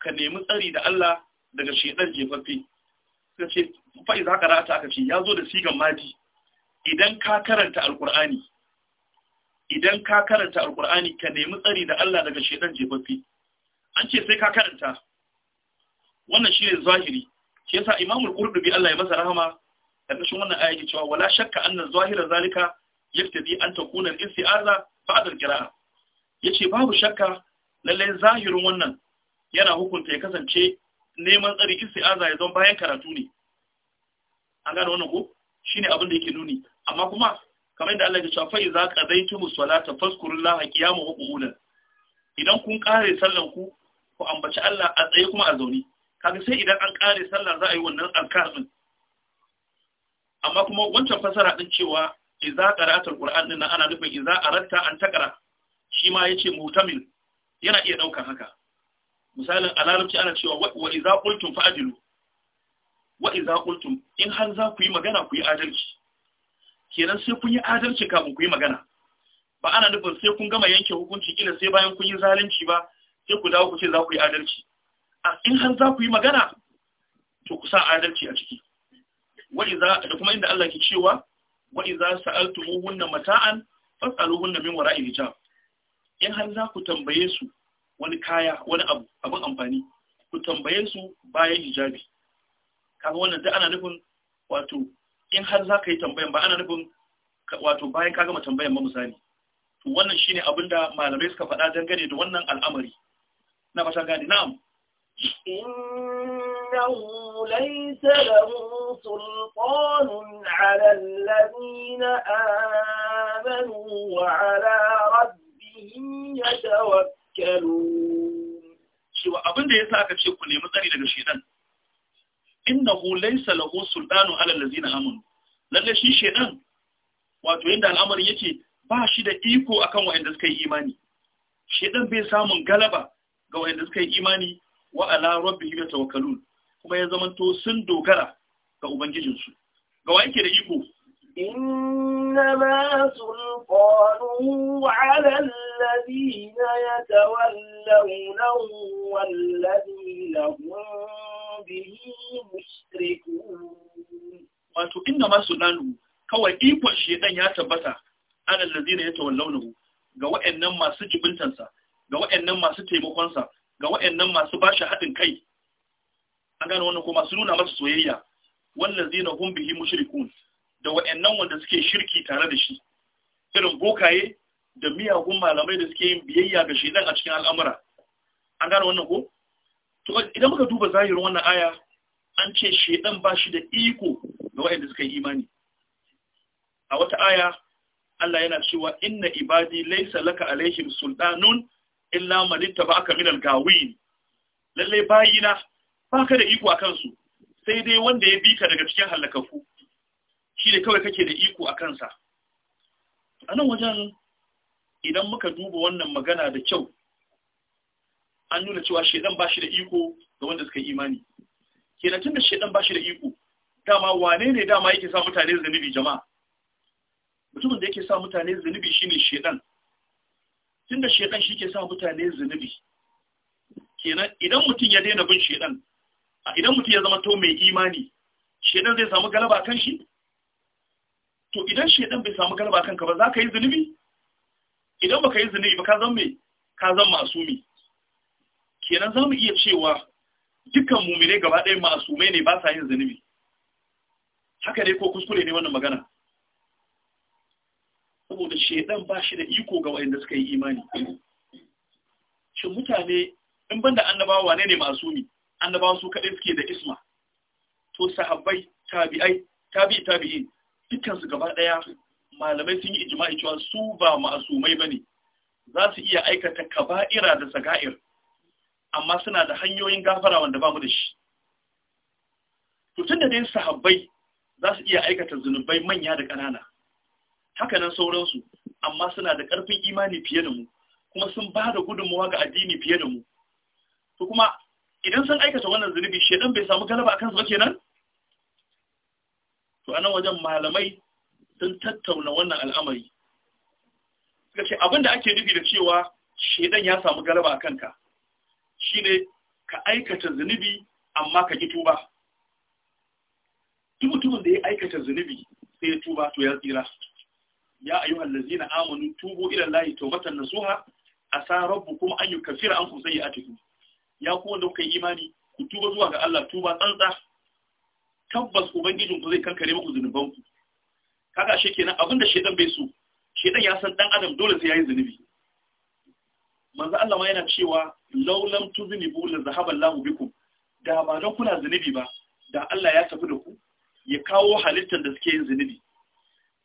ka nemi tsari da Allah daga shaitan jefaffe suka ce fa iza qara'ata aka ce yazo da sigan madi idan ka karanta alqur'ani idan ka karanta alqur'ani ka nemi tsari da Allah daga shaitan jefaffe an ce sai ka karanta wannan shi ne zahiri shi yasa imamul qurdubi Allah ya masa rahama da karkashin wannan ayati cewa wala shakka anna zahira zalika yaftadi an takuna al-isti'aza ba'da al-qira'a yace babu shakka lalle zahirin wannan yana hukunta ya kasance neman tsari isti'aza ya zama bayan karatu ne an gane wannan ko shine abin da yake nuni amma kuma kamar yadda Allah ya ce fa iza qadaytum salata fazkurullaha qiyaman wa qu'udan idan kun kare sallan ku ku ambaci Allah a tsaye kuma a zaune kaga sai idan an kare sallah za a yi wannan alkarin amma kuma wancan fasara din cewa iza qara'atul qur'an din ana nufin iza aratta an taqra shi ma yace mutamil yana iya daukar haka misalin a larabci ana cewa wa iza qultum fa'dilu wa iza qultum in har za ku yi magana ku yi adalci kenan sai kun yi adalci kafin ku yi magana ba ana nufin sai kun gama yanke hukunci kila sai bayan kun yi zalunci ba sai ku dawo ku ce za ku yi adalci a in har za ku yi magana to ku sa adalci a ciki wa iza da kuma inda Allah ke cewa wa idza sa'altumuhunna mata'an fas'aluhunna min wara'i hijab in har za ku tambaye su wani kaya wani abu abin amfani ku tambaye su bayan hijabi kaga wannan duk ana nufin wato in har za ka yi tambayan ba ana nufin wato bayan ka gama tambayan ba misali to wannan shine abinda malamai suka faɗa dangane da wannan al'amari na fatan gane na'am إنه ليس له سلطان على الذين آمنوا وعلى ربهم يتوكلون cewa أبن دي ya sa aka مزاري لك nemi إنه daga له سلطان على الذين آمنوا ala allazina amanu shi wato yadda al'amarin yake ba shi da iko akan wa'anda suka yi imani shedan bai samun galaba ga wa'anda suka yi imani wa ala ya yatawakkalun kuma ya zamanto sun dogara ga ubangijinsu ga wa yake da iko إنما سلطانه على الذين يتولونه والذين هم bihi مشركون wato inna ma sulanu kawai ikon shedan ya tabbata ala ya yatawallawnahu ga wa'annan masu jibintansa ga wa'annan masu taimakon sa. ga wa'annan masu ba shi haɗin kai an gane wannan ko masu nuna masa soyayya wannan zina hun bihi mushrikun da wa'annan wanda suke shirki tare da shi irin bokaye da miyagun malamai da suke yin biyayya ga shi a cikin al'amura an gane wannan ko to idan muka duba zahirin wannan aya an ce shedan ba shi da iko ga wa'anda suka yi imani a wata aya Allah yana cewa inna ibadi laysa laka alaihim sultanun illa manitta ba aka minal gawin lalle bayina ba ka da iko a kansu sai dai wanda ya bika daga cikin halakafu shi ne kawai kake da iko a kansa a nan wajen idan muka duba wannan magana da kyau an nuna cewa shedan ba shi da iko ga wanda suka yi imani kenan tun da shaidan ba shi da iko dama wane ne dama yake sa mutane zunubi jama'a mutumin da yake sa mutane zunubi shine shedan tunda shedan shi ke sa mutane zunubi kenan idan mutum ya daina bin shedan idan mutum ya zama to mai imani shedan zai samu galaba kan shi to idan shedan bai samu galaba kanka ba za ka yi zunubi idan baka yi zunubi ba ka zama mai ka zama masumi kenan za mu iya cewa dukkan mumine gaba ɗaya masumai ne ba sa yin zunubi haka ne ko kuskure ne wannan magana saboda shedan ba shi da iko ga wayanda suka yi imani shin mutane in banda annabawa ne ne annabawa su kaɗai suke da isma to sahabbai tabi'ai tabi'i tabi'in dukkan su gaba ɗaya, malamai sun yi ijma'i cewa su ba ba ne, za su iya aikata kaba'ira da saga'ir amma suna da hanyoyin gafara wanda ba mu da shi to da dai sahabbai za su iya aikata zunubai manya da ƙanana Hakanan nan sauransu amma suna da ƙarfin imani fiye da mu kuma sun ba da gudunmawa ga addini fiye da mu to kuma idan sun aikata wannan zunubi shedan bai samu galaba akan su ba kenan to anan wajen malamai sun tattauna wannan al'amari suka ce abinda ake nufi da cewa shedan ya samu galaba akan ka shine ka aikata zunubi amma ka ki tuba duk mutumin da ya aikata zunubi sai ya tuba to ya tsira ya ayyuhal allazina amanu tubu ila allahi tawbatan nasuha asa rabbukum an yukaffira ankum sayyi'atikum ya ku wanda kuka yi imani ku tuba zuwa ga Allah tuba tsantsa tabbas ubangijin ku zai kankare muku zunuban ku kaga kenan abinda shedan bai so shedan ya san dan adam dole sai yayi zunubi manzo Allah ma yana cewa law lam tuzinibu la zahaba Allahu bikum da ba don kuna zunubi ba da Allah ya tafi da ku ya kawo halittar da suke yin zunubi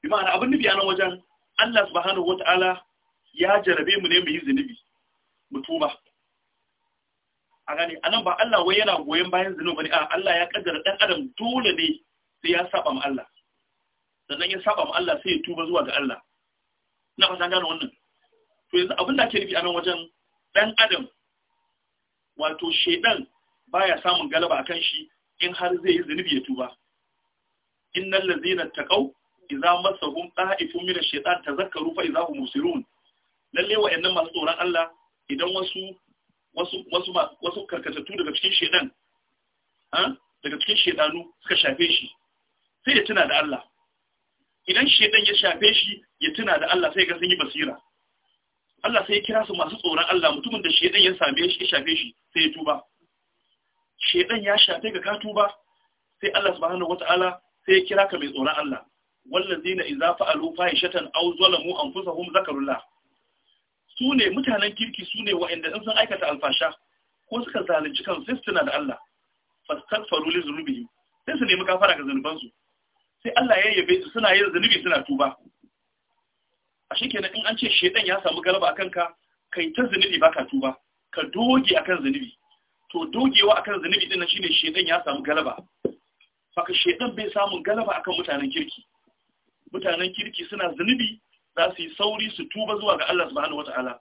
bi ma'ana abin nufi a nan wajen Allah subhanahu Ta'ala ya jarabe mu ne mu yi zunubi mu tuba a gani anan ba Allah wai yana goyon bayan zunubi bane a Allah ya kaddara dan adam dole ne sai ya saba ma Allah sannan ya saba ma Allah sai ya tuba zuwa ga Allah ina fata gane wannan to yanzu abin da ke nufi a nan wajen dan adam wato shedan baya samun galaba akan shi in har zai yi zunubi ya tuba innal ladzina taqaw Iza masahum qa'ifun min ash-shaytan tazakkaru fa iza hum musirun lalle wa'annan masu tsoron Allah idan wasu wasu wasu wasu karkatattu daga cikin shedan daga cikin shedanu suka shafe shi sai ya tuna da Allah idan shedan ya shafe shi ya tuna da Allah sai ga sun yi basira Allah sai ya kira su masu tsoron Allah mutumin da shedan ya same shi ya shafe shi sai ya tuba shedan ya shafe ka ka tuba sai Allah subhanahu wataala sai ya kira ka mai tsoron Allah wallazina idza fa'alu fahishatan aw zalamu anfusahum zakarullah su ne mutanen kirki su ne wa'anda in sun aikata alfasha ko suka zalunci kan sai da Allah fastaghfiru li dhunubihim sai su nemi gafara ga zanubansu sai Allah ya yabe su suna yin zanubi suna tuba a shikenan in an ce shedan ya samu galaba akan ka kai ta zanubi baka tuba ka doge akan zanubi to dogewa akan zanubi din shine shedan ya samu galaba Faka shedan bai samun galaba akan mutanen kirki mutanen kirki suna zunubi za su yi sauri su tuba zuwa ga Allah subhanahu wataala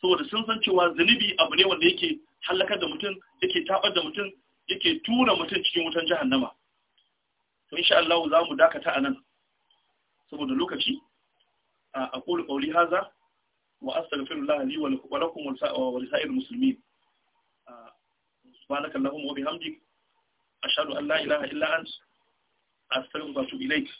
saboda sun san cewa zunubi abu ne wanda yake halakar da mutum yake tabar da mutum yake tura mutum cikin wutan jahannama to insha Allah za mu dakata anan saboda lokaci a aqulu qawli hadha wa astaghfirullah li wa lakum wa lisa'il muslimin subhanaka allahumma wa bihamdik ashhadu an la ilaha illa anta astaghfiruka wa atubu ilayk